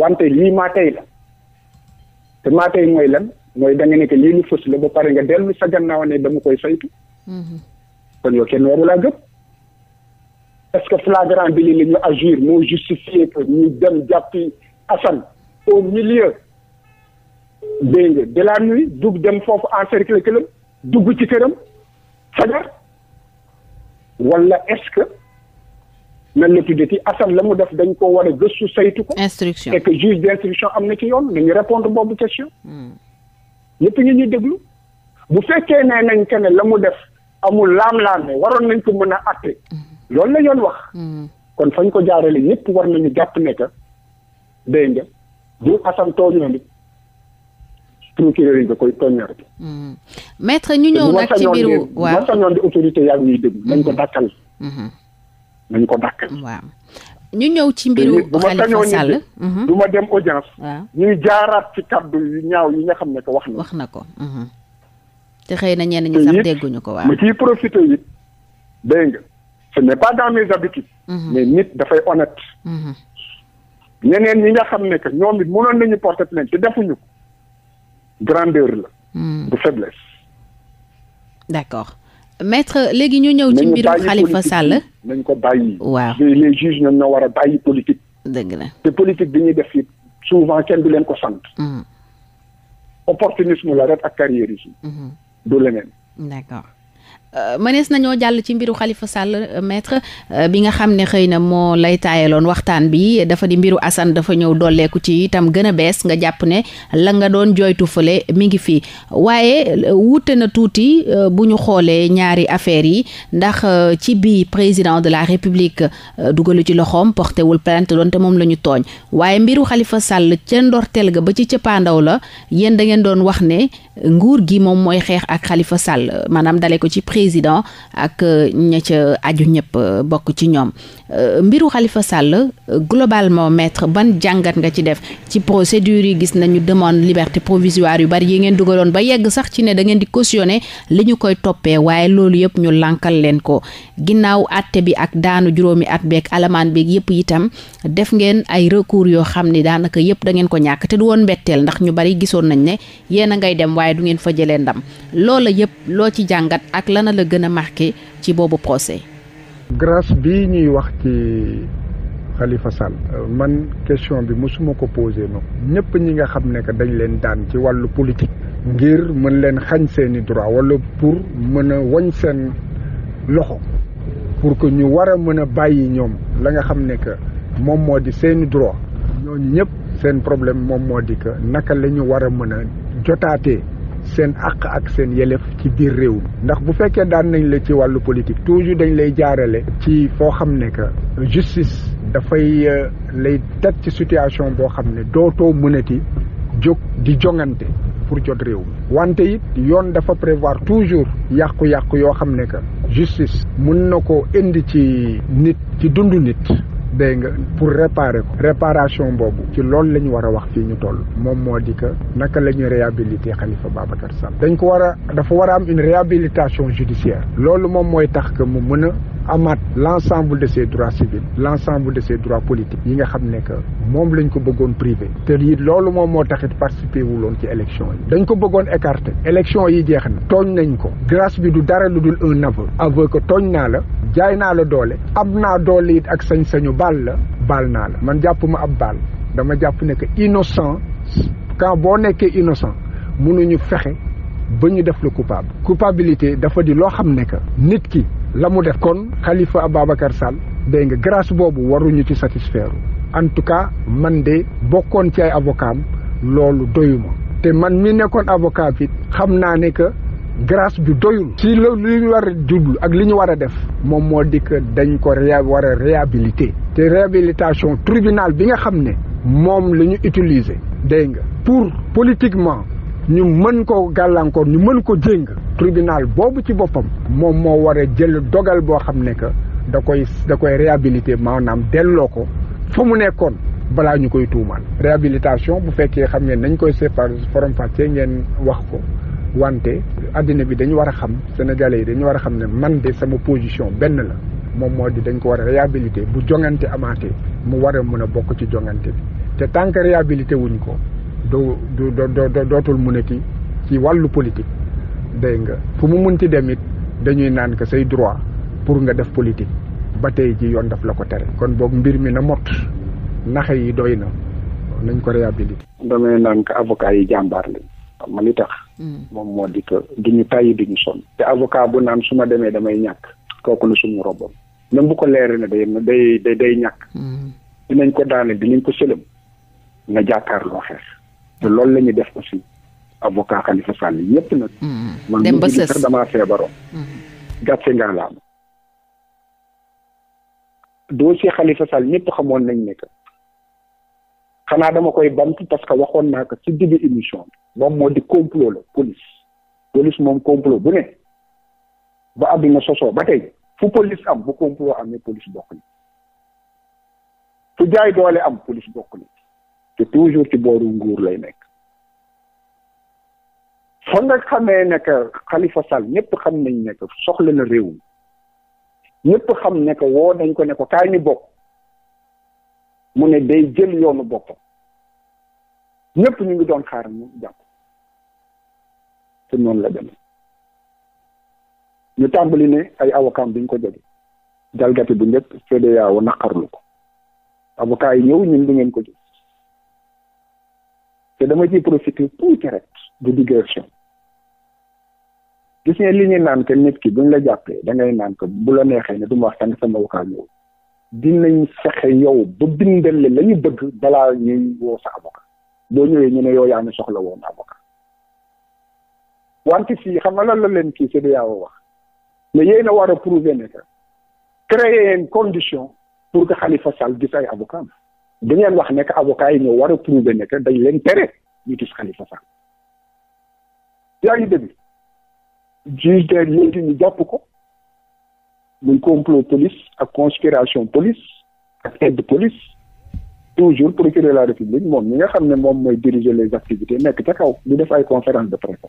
wante lii maa la te maa tey mooy lan mooy da nga nekk lii lu fës la ba pare nga dellu sa gannaaw ne dama koy saytu mhm. kon yow kenn warulaa gëpp est-ce que flagrant bi li la ñu moo justifié que ñu dem jàppi Assane au milieu dégg nga de la nuit dugg dem foofu encercler këram dugg ci këram fajar wala est-ce que nan la tuddee ci Assane la mu def dañ ko war gëstu saytu ko. instruction et d'instruction am na ci yoon nañu répondre boobu question. Hmm. ñëpp ñu déglu. bu fekkee ne nañ que la mu def amul laam-laam ne waroon nañ ko mën a àtte. Hmm. loolu la yoon wax. Hmm. kon fañ ko jaarale ñëpp war nañu jàpp ne que dégg nga bu asan tooñoo nit procureur yi nga koy tooñaat. Hmm. ñu ñëw nag ci biiru waaw ma sañoon di autorité yaa ngi ñuy dégg hmm. nañ ko dàkkal. nañ ko dàkkal. waaw ñu ñëw ci mbiru. Khalifa Sall du ma dem audience. waaw ñuy jaaraat ci kàddu yu ñaaw yi nga xam ne wax na ko. te xëy na ñenn ñi sax dégguñu ko waaw. mu ciy profité it dégg nga. ce n'est pas dans mes habitudes. Mhm. nit dafay honnête. Mhm. ñeneen ñi nga xam ne ñoom it mënoon nañu porter plainte te defuñu ko grandeur la. Mhm. du faiblesse. d'accord maître léegi ñu ñëw ci mbirum Khalifa Sall. nañ ko bàyyi. waaw les juges ñoom ñoo war a bàyyi politique. dëgg la te politique bi ñuy def it souvent kenn di leen ko sant. opportunisme la rek ak carriérisme. du leneen. d'accord. Euh, mënees nañoo jàll ci mbiru xalifa Sall euh, maître euh, bi nga xam ne xëy na moo lay taayeloon waxtaan bi dafa di mbiru Assane dafa ñëw dolleeku ci itam gën a bees nga jàpp ne la nga doon jooytu fële mi ngi fii waaye wuute na tuuti bu ñu xoolee ñaari affaires yi ndax ci biir président de la république dugalu ci loxoom porté wul plainte doonte moom la ñu tooñ waaye mbiru xalifa Sall ca ndortel ga ba ci cëppaandaw la yéen da ngeen doon wax ne nguur gi moom mooy xeex ak Khalifa Sall maanaam dale ko ci président ak euh, ña ca aju ñëpp euh, bokk ci ñoom euh, mbiru Khalifa Sall globalement maître ban jàngat nga ci def ci procédure yi gis nañu demande liberté provisoire yu bari yi ngeen dugaloon ba yegg sax ci ne da ngeen di cautionner li ñu koy toppee waaye loolu yëpp ñu lànkal leen ko ginnaaw àtte bi ak daanu juróomi at beeg alamaan beeg yëpp itam def ngeen ay recours yoo xam ni daanaka yëpp da ngeen ko ñàkk te du woon mbetteel ndax ñu bari gisoon nañ ne waaye du ngeen fa jëlee ndam loola yëpp loo ci jàngat ak lana la gën a marqué ci boobu procès. grâce bii ñuy wax ci xalifa Sall man question bi mosuma ko posé noonu ñëpp ñi nga xam ne que dañ leen daan ci wàllu politique. ngir mën leen xañ seeni droit wala pour mën a wañ seen loxo pour que ñu war a mën a bàyyi ñoom la nga xam ne que moom moo di seeni droit ñooñu ñëpp seen problème moom moo di que naka la ñu war a mën a jotaatee seen àq ak seen yelef ci biir réew mi ndax bu fekkee daan nañ la ci wàllu politique toujours dañ lay jaarale ci foo xam ne que justice dafay euh, lay teg ci situation boo xam ne dootoo mënati jóg di jongante pour jot réew mi wante it yoon dafa prévoir toujours yàqu-yàqu yoo xam ne que justice mun na ko indi ci nit ci dundu nit dégg nga pour réparer ko réparation boobu ci loolu la ñu war a wax fii ñu toll moom moo di que naka la ñuy réhabiliter Khalifa Babacar Sall dañ ko war a dafa war a am une réhabilitation judiciaire loolu moom mooy tax que mu mën a amaat l'ensemble de ses droits civils l'ensemble de ses droits politiques yi nga xam ne que moom lañ ko bëggoon privé te it loolu moom moo taxit participer wuloon ci élection yi dañ ko bëggoon écarter élection yi jeex na tooñ nañ ko grâce bi du dara lu dul un aveu aveu que tooñ naa la jaay naa la doole am naa doole it ak sañ-sañu baal la baal naa la man jàpp ma ab baal dama jàpp ne que innocent quand boo nekkee innocent mënuñu fexe ba ñu def la coupable culpabilité dafa di loo xam ne que nit ki la mu def kon Khalifa Ababacar Sall dégg nga grâce boobu waruñu ci satisfaire en tout cas man de bokkoon ci ay avocat am loolu doyuma te man mi nekkoon avocat bi xam naa ne que grâce bi doyul si loolu li ñu war a jublu ak li ñu war a def moom moo dikk dañ ko war a réhabilité te réhabilitation tribunal bi nga xam ne moom la ñu utiliser dégg nga pour politiquement ñu mën ko gàllankoor ñu mën ko jéng tribunal boobu ci boppam moom moo war a jël dogal boo xam ne que da koy da koy réhabilité maanaam delloo ko fa mu nekkoon balaa ñu koy tuumaal réhabilitation bu fekkee xam ngeen dañ koy séparé forom fàccee ngeen wax ko wante àddina bi dañu war a xam sénégalais yi dañu war a xam ne man de sama position benn la moom moo di dañ ko war a réhabilité bu jongante amaatee mu war a mën a bokk ci jongante bi te tant que réhabilité wuñ ko doo dootul munati ci wàllu politique dégg nga fu mu munti dem it dañuy naan que say droit pour nga def politique ba tey ji yoon daf la ko tere kon boog mbir mi na mot naxe yi doy na nañ ko réhabilité damay naan que avocat yi jàmbaar lañ xam ma li tax hmm. moom moo di que ñu tàyyi duñu sonn te avocat bu naan su ma demee damay ñàkk kooku la suñu robam même bu ko leeree ne day day day day ñàkk hmm. dinañ ko daane dinañ ko sëlëm na jàkkaarloo xeex loolu la ñu def aussi avocat Khalifa Sall yépp nag. Mm-hmm. man dem ba sës sax damaa feebaroon. Mm-hmm. gàcce ngaa laam. dossier Khalifa Sall ñëpp xamoon nañ ne que xanaa dama koy bant parce que waxoon naa ko ci digg émission bi moo di complot la police police moom complot bu ne ba àdduna sosoo ba tey fu police am bu complot amee police bokk ni fu jaay doole am police bokk ni te toujours ci booru nguur lay nekk fa nga xamee ne que Khalifa Sall ñëpp xam nañ ne que soxla na réew mi ñëpp xam ne que woo nañ ko ne ko kaay ñu bokk mu ne day jël yoonu boppam ñëpp ñu ngi doon xaar mu jàpp te noonu la demee ñu tàmbali ne ay avocat bi ñu ko jege jalgati bu njëkk CEDEAO naqarlu ko avocat yi ñëw ñun du ngeen ko jóg te dama ciy profité tuuti rek du digression gis ngeen li ñuy naan que nit ki buñ la jàppee dangay ngay naan ko bu la neexee ne du ma wax sànq sama avocat ñëw dinañ fexe yow ba bindal la ñu bëgg balaa ñuy woo sa avocat boo ñëwee ñu ne yow yaa soxla woon avocat wante fii xam nga lan la leen kii CEDEAO wax mais yéen a war a prouver ne créer une condition pour que Khalifa Sall gis ay avocat di ngeen wax nekk avocat yi ñoo war a prouver nekk dañ leen tere ñu gis Khalifa Sall yaa ngi dégg juge de léegi ñu jàpp ko muy complot police ak conspiration police ak aide police toujours procureur la république moom mi nga xam ne moom mooy diriger les activités nekk ca kaw di def ay conférence de presse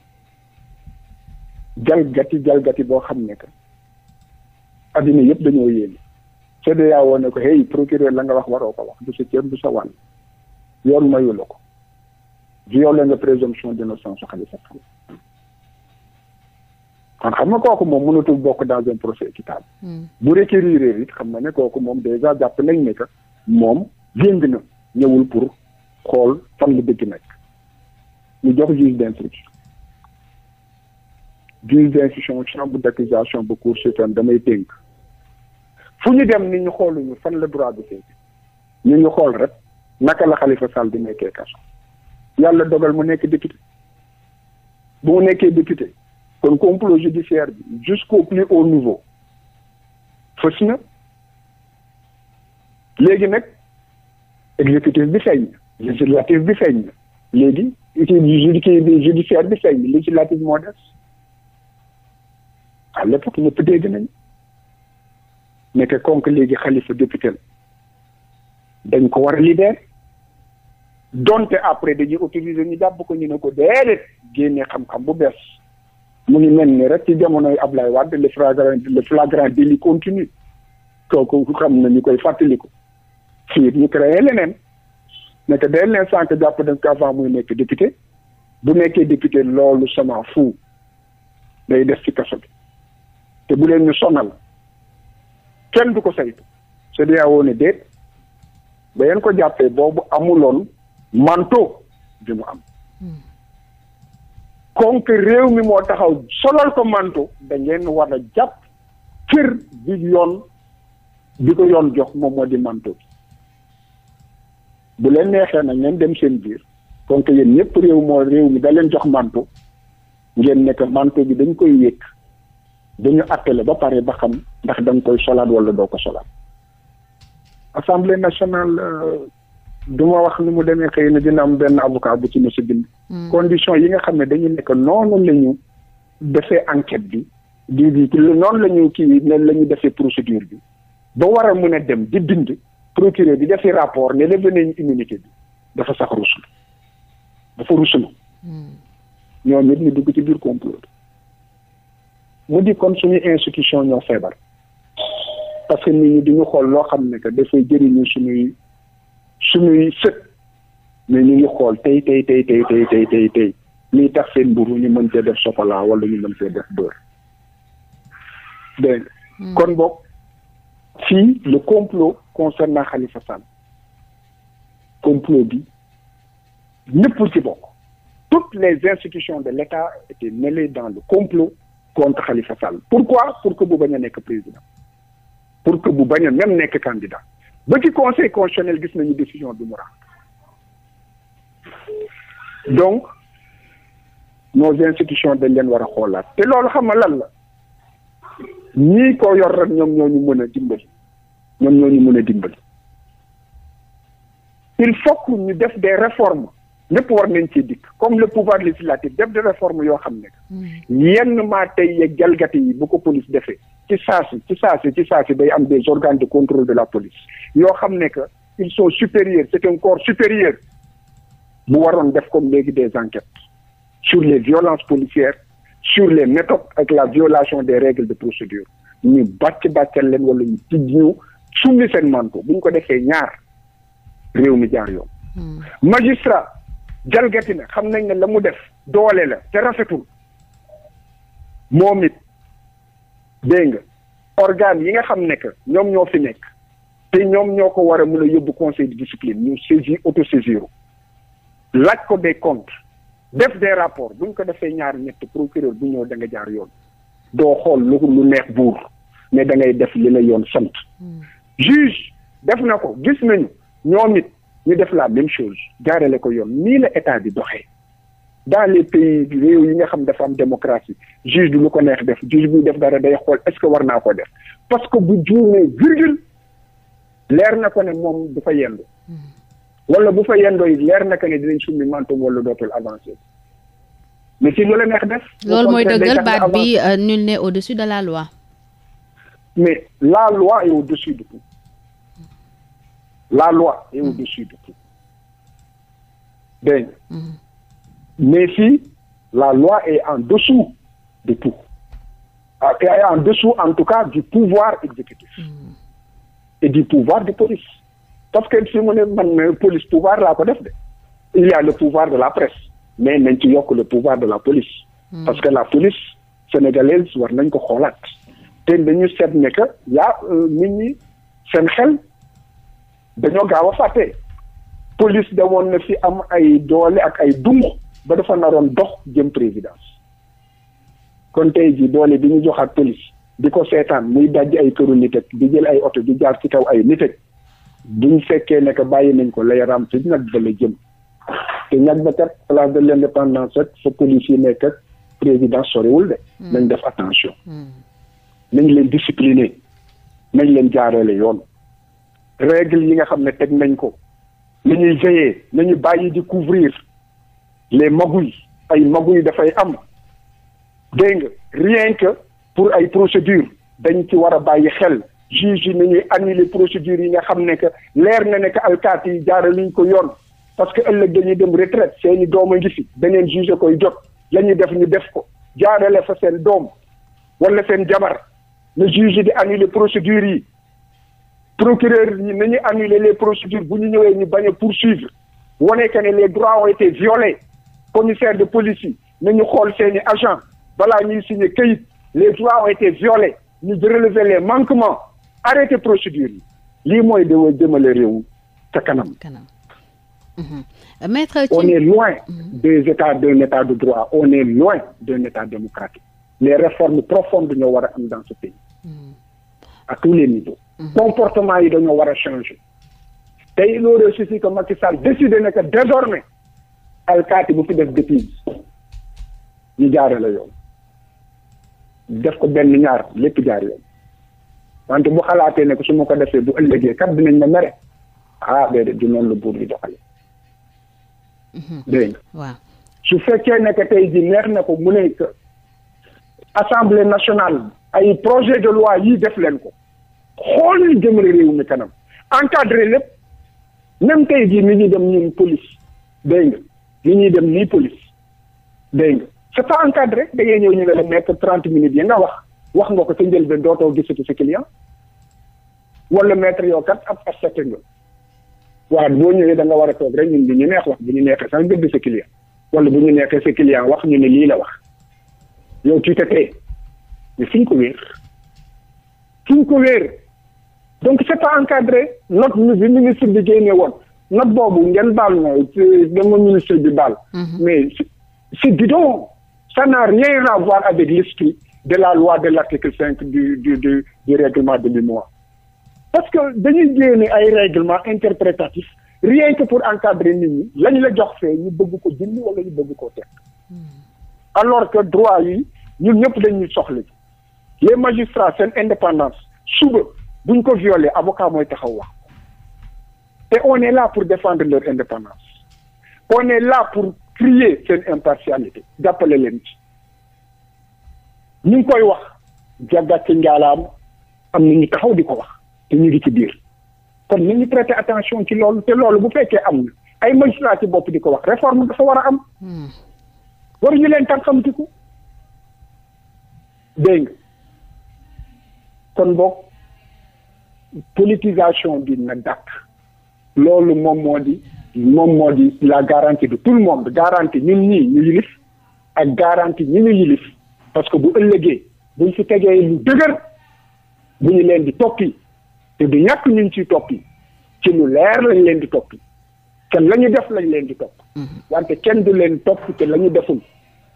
jalgati jalgati boo xam ne addina yëpp dañoo yéene CEDEAO ne ko hey procureur la nga wax waroo ko wax du sa cër du sa wàll yoon mayu la ko violé nga présomption d'innocence su Khalifa Sall kon xam nga kooku moom mënatul bokk dans un procès équitable hmm. bu requérir it xam nga ne kooku moom déjà jàpp nañ ne moom jéng na ñëwul pour xool fan la dëgg nekk ñu jox juge d'instruction juge d'instruction chambre d'accusation bu cour suprême damay tënk fu ñu dem ni ñu xooluñu fan la droit bi féete ñu ñu xool rek naka la xalifa Sall di nekkee kaso yàlla dogal mu nekk député bu mu nekkee député kon complot judiciaire bi jusqu'au plus haut niveau fës na léegi nag exécutif bi feeñ na législatif bi feeñ na léegi kii judiciaire bi feeñ na législatif moo des à l'époque ñëpp dégg nañ mais que konk léegi xalifa député la dañ ko war a libérer donte après dañuy autoriser ñu jàpp ko ñu ne ko déedéet génne xam-xam bu bees mu ngi mel ni rek ci jamonoy Ablaye Wade le flagrant le flagrant délit continue ko xam na ñu koy fàttaliku fii ñu créé leneen mais que dès l'instant que jàpp dañ ko avant muy nekk député bu nekkee député loolu sama fu day def ci kaso bi te bu leen ñu sonal. kenn du ko saytu CEDEAO ne déet ba yeen ko jàppee boobu amuloon manto bi mu am hmm. kon réew mi moo taxaw solal ko manto da ngeen war a jàpp kër bi yoon bi ko yoon jox moom moo di manteau bi bu leen neexee na ngeen dem seen biir kon que yéen ñëpp réew moo réew mi da leen jox manto ngeen nekk manteau bi dañ koy wékk dañu attale ba pare ba xam ndax da koy solaat wala doo ko solaat assemblée nationale euh, du ma wax ni mu demee xëy na dina am benn avocat bu ci mos a bind. Hmm. condition yi nga xam ne dañu nekk noonu la ñu defee enquête bi di di noonu la ñu kii la ñu defee procédure bi ba war a mën a dem di bind procureur bi defee rapport ne levé nañu immunité bi dafa sax ruslu dafa ruslu hmm. ñoom it ñu dugg ci biir complot mu di kon suñu institution ñoo feebar. parce que nit ñi duñu xool loo xam ne que dafay jëriñu suñuy suñuy sët mais ñu ngi xool tey tey tey tey tey tey tey tey lii tax seen mburu ñu mën see def chocolat wala ñu mën see def beurre dégg hmm. kon boog fii le complot concernant Khalifa Sall complot bi ñëpp si bokk toutes les institutions de l'État étaient mêlées dans le complot contre Khalifa Sall pourquoi pour que bu bañ a nekk président pour que bu bañ a même nekk candidat ba ci conseil constitutionnel gis nañu décision bi mu rànd donc nos institutions dañ leen war a xoolaat te loolu xam nga lan la ñii ko yor rek ñoom ñoo ñu mën a dimbali ñoom ñoo ñu mën a dimbali il faut que ñu def de réformes ñëpp war nañ ci dikk comme le pouvoir législatif def des réformes yoo xam ne yenn ma tey yeeg jalgati yi bu ko police defee. ci saa si ci saa si ci saa si day am des organes de contrôle de la police yoo xam ne que ils sont supérieurs c'est un corps supérieur bu waroon def comme léegi des enquêtes sur les violences policières sur les méthodes ak la violation des règles de procédure ñu bàcc bàccal leen wala ñu tijj ñu summi seen manto bu ñu ko defee ñaar réew mi jaar yoon. Hmm. magistrat jalgati na xam nañ ne la mu def doole la te rafetul moom it dégg nga organes yi nga xam ne ñoom ñoo fi nekk te ñoom ñoo ko war a mën a yóbbu conseil de discipline ñu saisir autosaisir laaj ko de comptes def des rapport buñ ko defee ñaar ñett procureur bu ñëw danga jaar yoon doo xool lu lu neex buur mais da ngay def li la yoon sant juge def na ko gis nañu ñoom it ñu def la même chose jaarale ko yoon nii la état bi doxee dans les pays réew yi nga xam dafa am démocratie juge bi lu ko neex def juge buy def dara day xool est-ce que war naa ko def parce que bu juumee virgule leer na ko ne moom du fa yendu wala bu fa yendoo it leer na ko ne dinañ summi mantum wala dootul avancé mais si lu la neex def. loolu mooy dëggal baat bi euh, nul n'est au-dessus de la loi. mais la loi au de tout la loi est au de tout Mais si la loi est en dessous de tout, ah, est en dessous en tout cas du pouvoir exécutif mm. et du pouvoir de police. Parce que si mu ne man police pouvoir laa ko def de il y le pouvoir de la presse mais nañ ci yokk le pouvoir de la police. Mm. parce que la police sénégalaise war nañ ko xoolaat te dañu seet ne que yaa euh, nit ñi seen xel dañoo gaaw a fàtte police demoon na fi am ay doole ak ay dungu ba defa naroon dox jëm présidence kon tey jii doole bi ñu joxaat police di ko seetaan muy dajj ay këru nit ak di jël ay oto di jaar ci kaw ay nit ak buñ fekkee ne que bàyyi nañ ko lay raam ci ñag ba la jëm te ñag ba kat place de l' indépendance ak sa police yi nekk ak présidence soriwul de. Hmm. nañ def attention. Hmm. nañ leen discipliner nañ leen jaarale yoon. règle yi nga xam ne teg nañ ko. nañuy veiller nañu bàyyi di couvrir. les magouilles ay magouilles dafay am dégg nga rien que pour ay procédure dañ ci war a bàyyi xel juge yi nañuy annuler procédure yi nga xam ne que leer na ne que alkaati yi jaaraluñ ko yoon parce que ëllëg dañuy dem retraite seeni doom a ngi fi beneen juge koy jot la def ñu def ko jaarale fa seen doom wala seen jabar le juge di annuler procédure yi procureur yi nañu annuler les procédures bu ñu ñëwee ñu bañ pour poursuivre wane que ne les droits ont été violés commissaire de police yi ñu xool seeni agent balaa ñuy signé këyit les droits ont été violés ñu relever les manquements arrêter procédure yi lii mooy de jëmale réew ca kanam. Mhm. maître on est loin mhm. des états d'un état de droit on est loin d'un état démocratique les réformes profondes ñoo war a am dans ce pays. Mhm. à tous les niveaux. comportement yi dañoo war a changer. tey il aurait suffi que Macky Sall décidé na désormais alkaati bu fi def depuis ñu jaare la yoon def ko benn ñaar lépp jaar yoon wante bu xalaatee ne su ma ko defee bu ëllëgee kat dinañ ma mere ah déedéet noonu la buur di doxale mhm. dégg nga waaw su fekkee ne que tey jii neex na ko mu ne que assemblée nationale ay projet de loi yii def leen ko xool ñu jëmale réew mi kanam encadré lépp même tey jii mi ngi dem ñun police dégg nga ni ñuy dem nii police dégg nga c'est pas encadré da ngay ñëw ñu ne la mettre trente minutes yi nga wax wax nga ko sa njëlbeen dootoo gisatu sa client wala maître yow kat ab accepté nga waaw boo ñëwee da nga war a toog rek ñun ñu neex wax bu ñu neexee sax gëdd sa client wala bu ñu neexee sa wax ñu ne lii la wax yow tu te tais mais ko wéer fu ko wéer donc c'est pas encadré note bi ministre bi génne woon note boobu ngeen baal ma dama ministre bi baal. Mhm. mais c'est bidon ça n'a rien à voir avec l'esprit de la loi de l'article cinq du du du du règlement de l'UMOA parce que dañuy génne ay règlement interprétatif rien que pour encadrer nit ñi lañ la jox fee ñu bëgg ko jënd wala ñu bëgg ko teg mhm. alors que droit yi ñu ñëpp dañuy soxla les magistrats seen indépendance suba buñ ko violer avocat mooy taxaw wax Et on la pour défendre leur indépendance. On la pour crier seen impartialité jàppale leen ci ñu ngi koy wax jàggat ci ngaalaam am na ñu taxaw di ko wax te ñu ngi ci biir kon nañu prêter attention ci loolu te loolu bu fekkee am na ay magistrat ci bopp di ko wax réforme dafa war a am hmm. waruñu leen tànqamtiku dégg nga kon book politisation bi na dàkk loolu moom moo di moom moo di la garantie de tout le monde garanti ñun ñii ñu yilif ak garantie ñi ñu yilif parce que bu ëllëgee buñ fi tegee lu dëgër bu ñu leen di toppi te du ñàkk ñu ciy toppi ci lu leer lañ leen di toppi te lañu def lañ leen di topp. Mm-hmm. wante kenn du leen topp te la ñu deful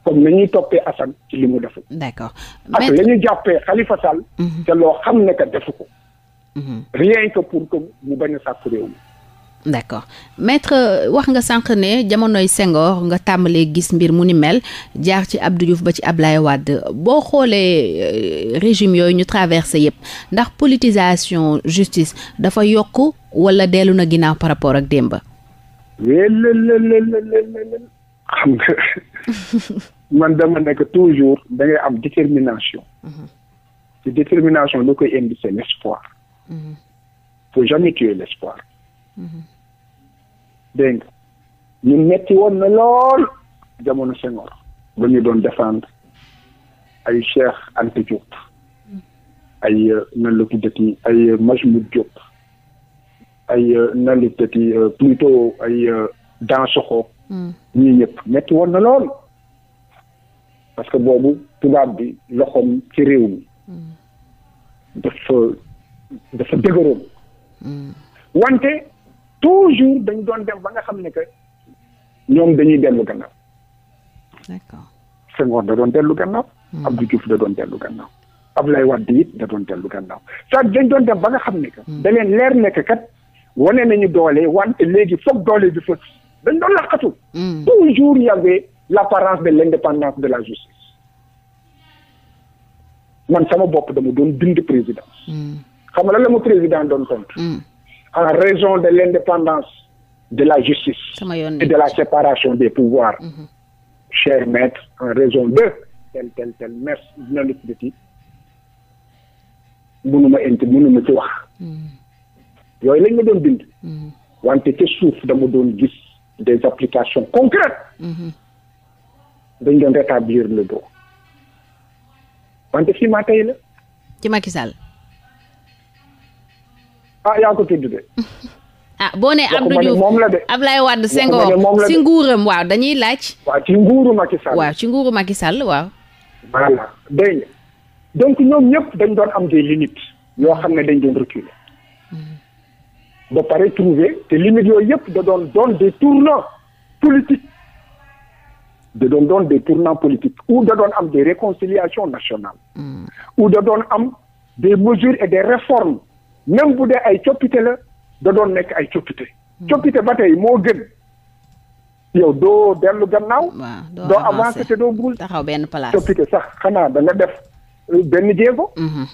comme na ñuy toppee Assane ci li mu deful. d'accord ak la ñu jàppee Khalifa Sall. Mm-hmm. te loo xam ne defu ko. Mm-hmm. rien que pour que mu bañ a réew mi. d'accord maître wax nga sànq ne jamonoy Senghor nga tàmbalee gis mbir mu ni mel jaar ci ab Diouf ba ci Ablaye Wade boo xoolee euh, régime yooyu ñu traversé yépp ndax politisation justice dafa yokk wala dellu na ginnaaw par rapport ak démb. xam nga man dama nekk toujours da am détermination. te mhm. détermination lu koy indi c'est l'espoir. Mhm. dégg nga ñu metti woon na lool jamono Senghor ba ñu doon défendre ay Cheikh Anta Diop ay euh, nan la tuddati ay euh, Majmoud Diop ay euh, nan la tuddati plutôt ay Dansokho hmm. ñii ñëpp metti woon na lool parce que boobu tubaab bi loxoom ci réew mi hmm. dafa dafa dëgëroon hmm. wante toujours dañ doon dem ba nga xam ne que ñoom dañuy dellu gannaaw. d'accord da doon dellu gannaaw. Hmm. Abdou Diouf da doon dellu gannaaw. lay Wade it da doon dellu gannaaw saa dañ doon dem ba nga xam ne que. Hmm. da leen leer ne que kat wane nañu doolee wante léegi foog doole bi fës dañ doon laqatu. Hmm. toujours y avait l'apparence de l'indépendance de la justice. man sama bopp dama doon bind présidence. xam nga lan la ma président doon tontu. en raison de l'indépendance de la justice et de la séparation des pouvoirs mm -hmm. cher maître en raison de tel tel tel merci dina la tuddati mënuma int mënuma ci wax mhm. yooyu lañ ma doon bind mhm. wante ca suuf dama doon gis des applications concrètes mhm. dañ doon rétablir le droit wante fii maa tey la ci Macky Sall ah yaa ko tudd de. ah boo nee Abdou moom la de Ablaye Wade ci nguuram waaw dañuy laaj. waaw ci nguuru Macky Sall. waaw ci nguuru Macky Sall waaw. voilà dégg ñoom ñëpp dañ doon am des limites yoo xam ne dañ doon reculer. Mm. pare trouver te limites yooyu yëpp da doon doon des tournants politiques. da doon doon des tournants politiques ou da doon am des réconciliations nationales. Mm. ou da doon am des mesures et des réformes. même bu dee ay coppité la da doon nekk ay coppité hmm. coppite ba tey moo gën. yow doo dellu gannaaw. doo avancé te doo bugg. taxaw benn place coppite sax xanaa da nga def euh, benn jéego. Hmm.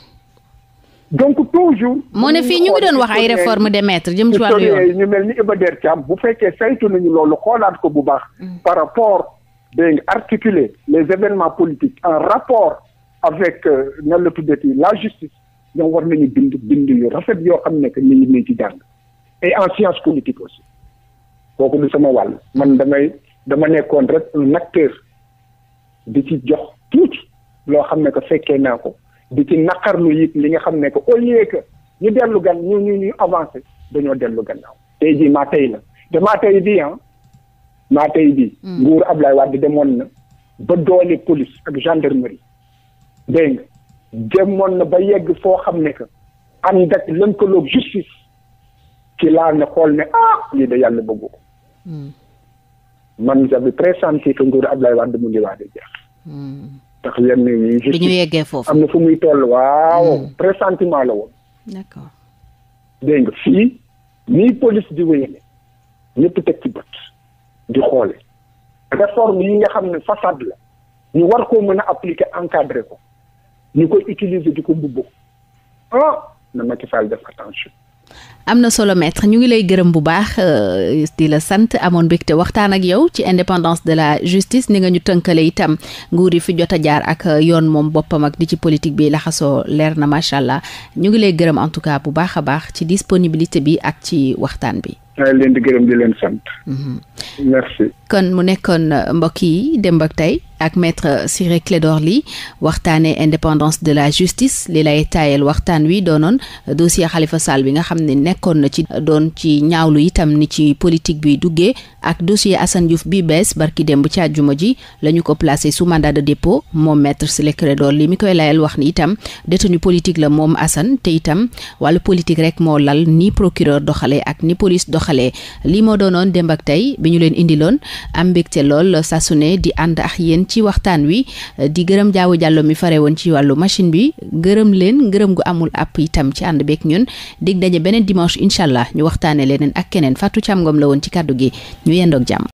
donc toujours. moo ne fii ñu ngi doon wax ay réforme de metre jëm ci wàllu ñu mel ni Iba Der Thiam bu fekkee saytu nañu loolu xoolaat ko bu baax. Hmm. par rapport dégg nga articuler les événements politiques en rapport avec euh, nan la tuddati la justice. ñoom war nañu bind bind yu rafet yoo xam ne que ñu ngi nii ci jàng et en science politique aussi kooku du sama wàll man damay dama nekkoon rek un acteur di ci jox tuuti loo xam ne que fekkee naa ko di ci naqarlu it li nga xam ne que au lieu que ñu dellu gan ñu ñu avancé dañoo dellu gannaaw tey jii maa tey la te maa tey bii ah maa tey bi hmm. nguur Ablaye Wade demoon na ba doole police ak gendarmerie dégg nga demoon na ba yegg foo xam ne que ànd ak lënkaloog justice ci laa ne xool ne ah lii de yàlla bëggu ko hmm. man j'avais pressenti que nguuru Abdoulaye Wade mu ngi waaj a jeex hmm. ndax yenn yi justice bi ñu yeggee foofu am na fu muy toll waaw hmm. pressentiment la woon d'accord nga fii nii police di wéyale ñëpp teg ci bët di xoole réforme yi nga xam ne façade la ñu war koo mën a appliquer encadré ko ñu koy utiliser di ko mbubboo oh. na Macky am na solo maître ñu ngi lay gërëm bu baax euh, di la sant amoon mbégte waxtaan ak yow ci indépendance de la justice ni nga ñu tënkale itam nguur yi fi jot a jaar ak euh, yoon moom boppam ak di ci politique bi laxasoo leer na macha allah ñu ngi lay gërëm en tout cas bu baax a baax ci disponibilité bi ak ci waxtaan bi. Mhm. kon mu nekkoon euh, mbokk yi démb ak tey ak maître euh, Ciré Clédor Ly waxtaanee indépendance de la justice li lay taayal waxtaan wi doonoon euh, dossier xalifa Sall bi nga xam ne nekkoon na ci doon ci ñaawlu itam ni ci politique bi duggee ak dossier Assane Diouf bi bees barki démb ci àjjuma ji la ñu ko placé sous mandat de dépôt moom maître Ciré Clédor Ly mi koy layal wax ni itam détenu politique la moom Assane te itam wala politique rek moo lal ni procureur doxalee ak ni police doxalee xale lii moo doonoon démb ak tey bi ñu leen indiloon am mbégte lool saa su ne di ànd ak yéen ci waxtaan wi di gërëm jaawu jàllo mi fare woon ci wàllu machine bi gërëm leen gërëm gu amul àpp itam ci ànd beeg ñun dig daje beneen dimanche incha allah ñu waxtaane leneen ak keneen Fatou Thiam Ngom la woon ci kàddu gi ñu yendoog jàmm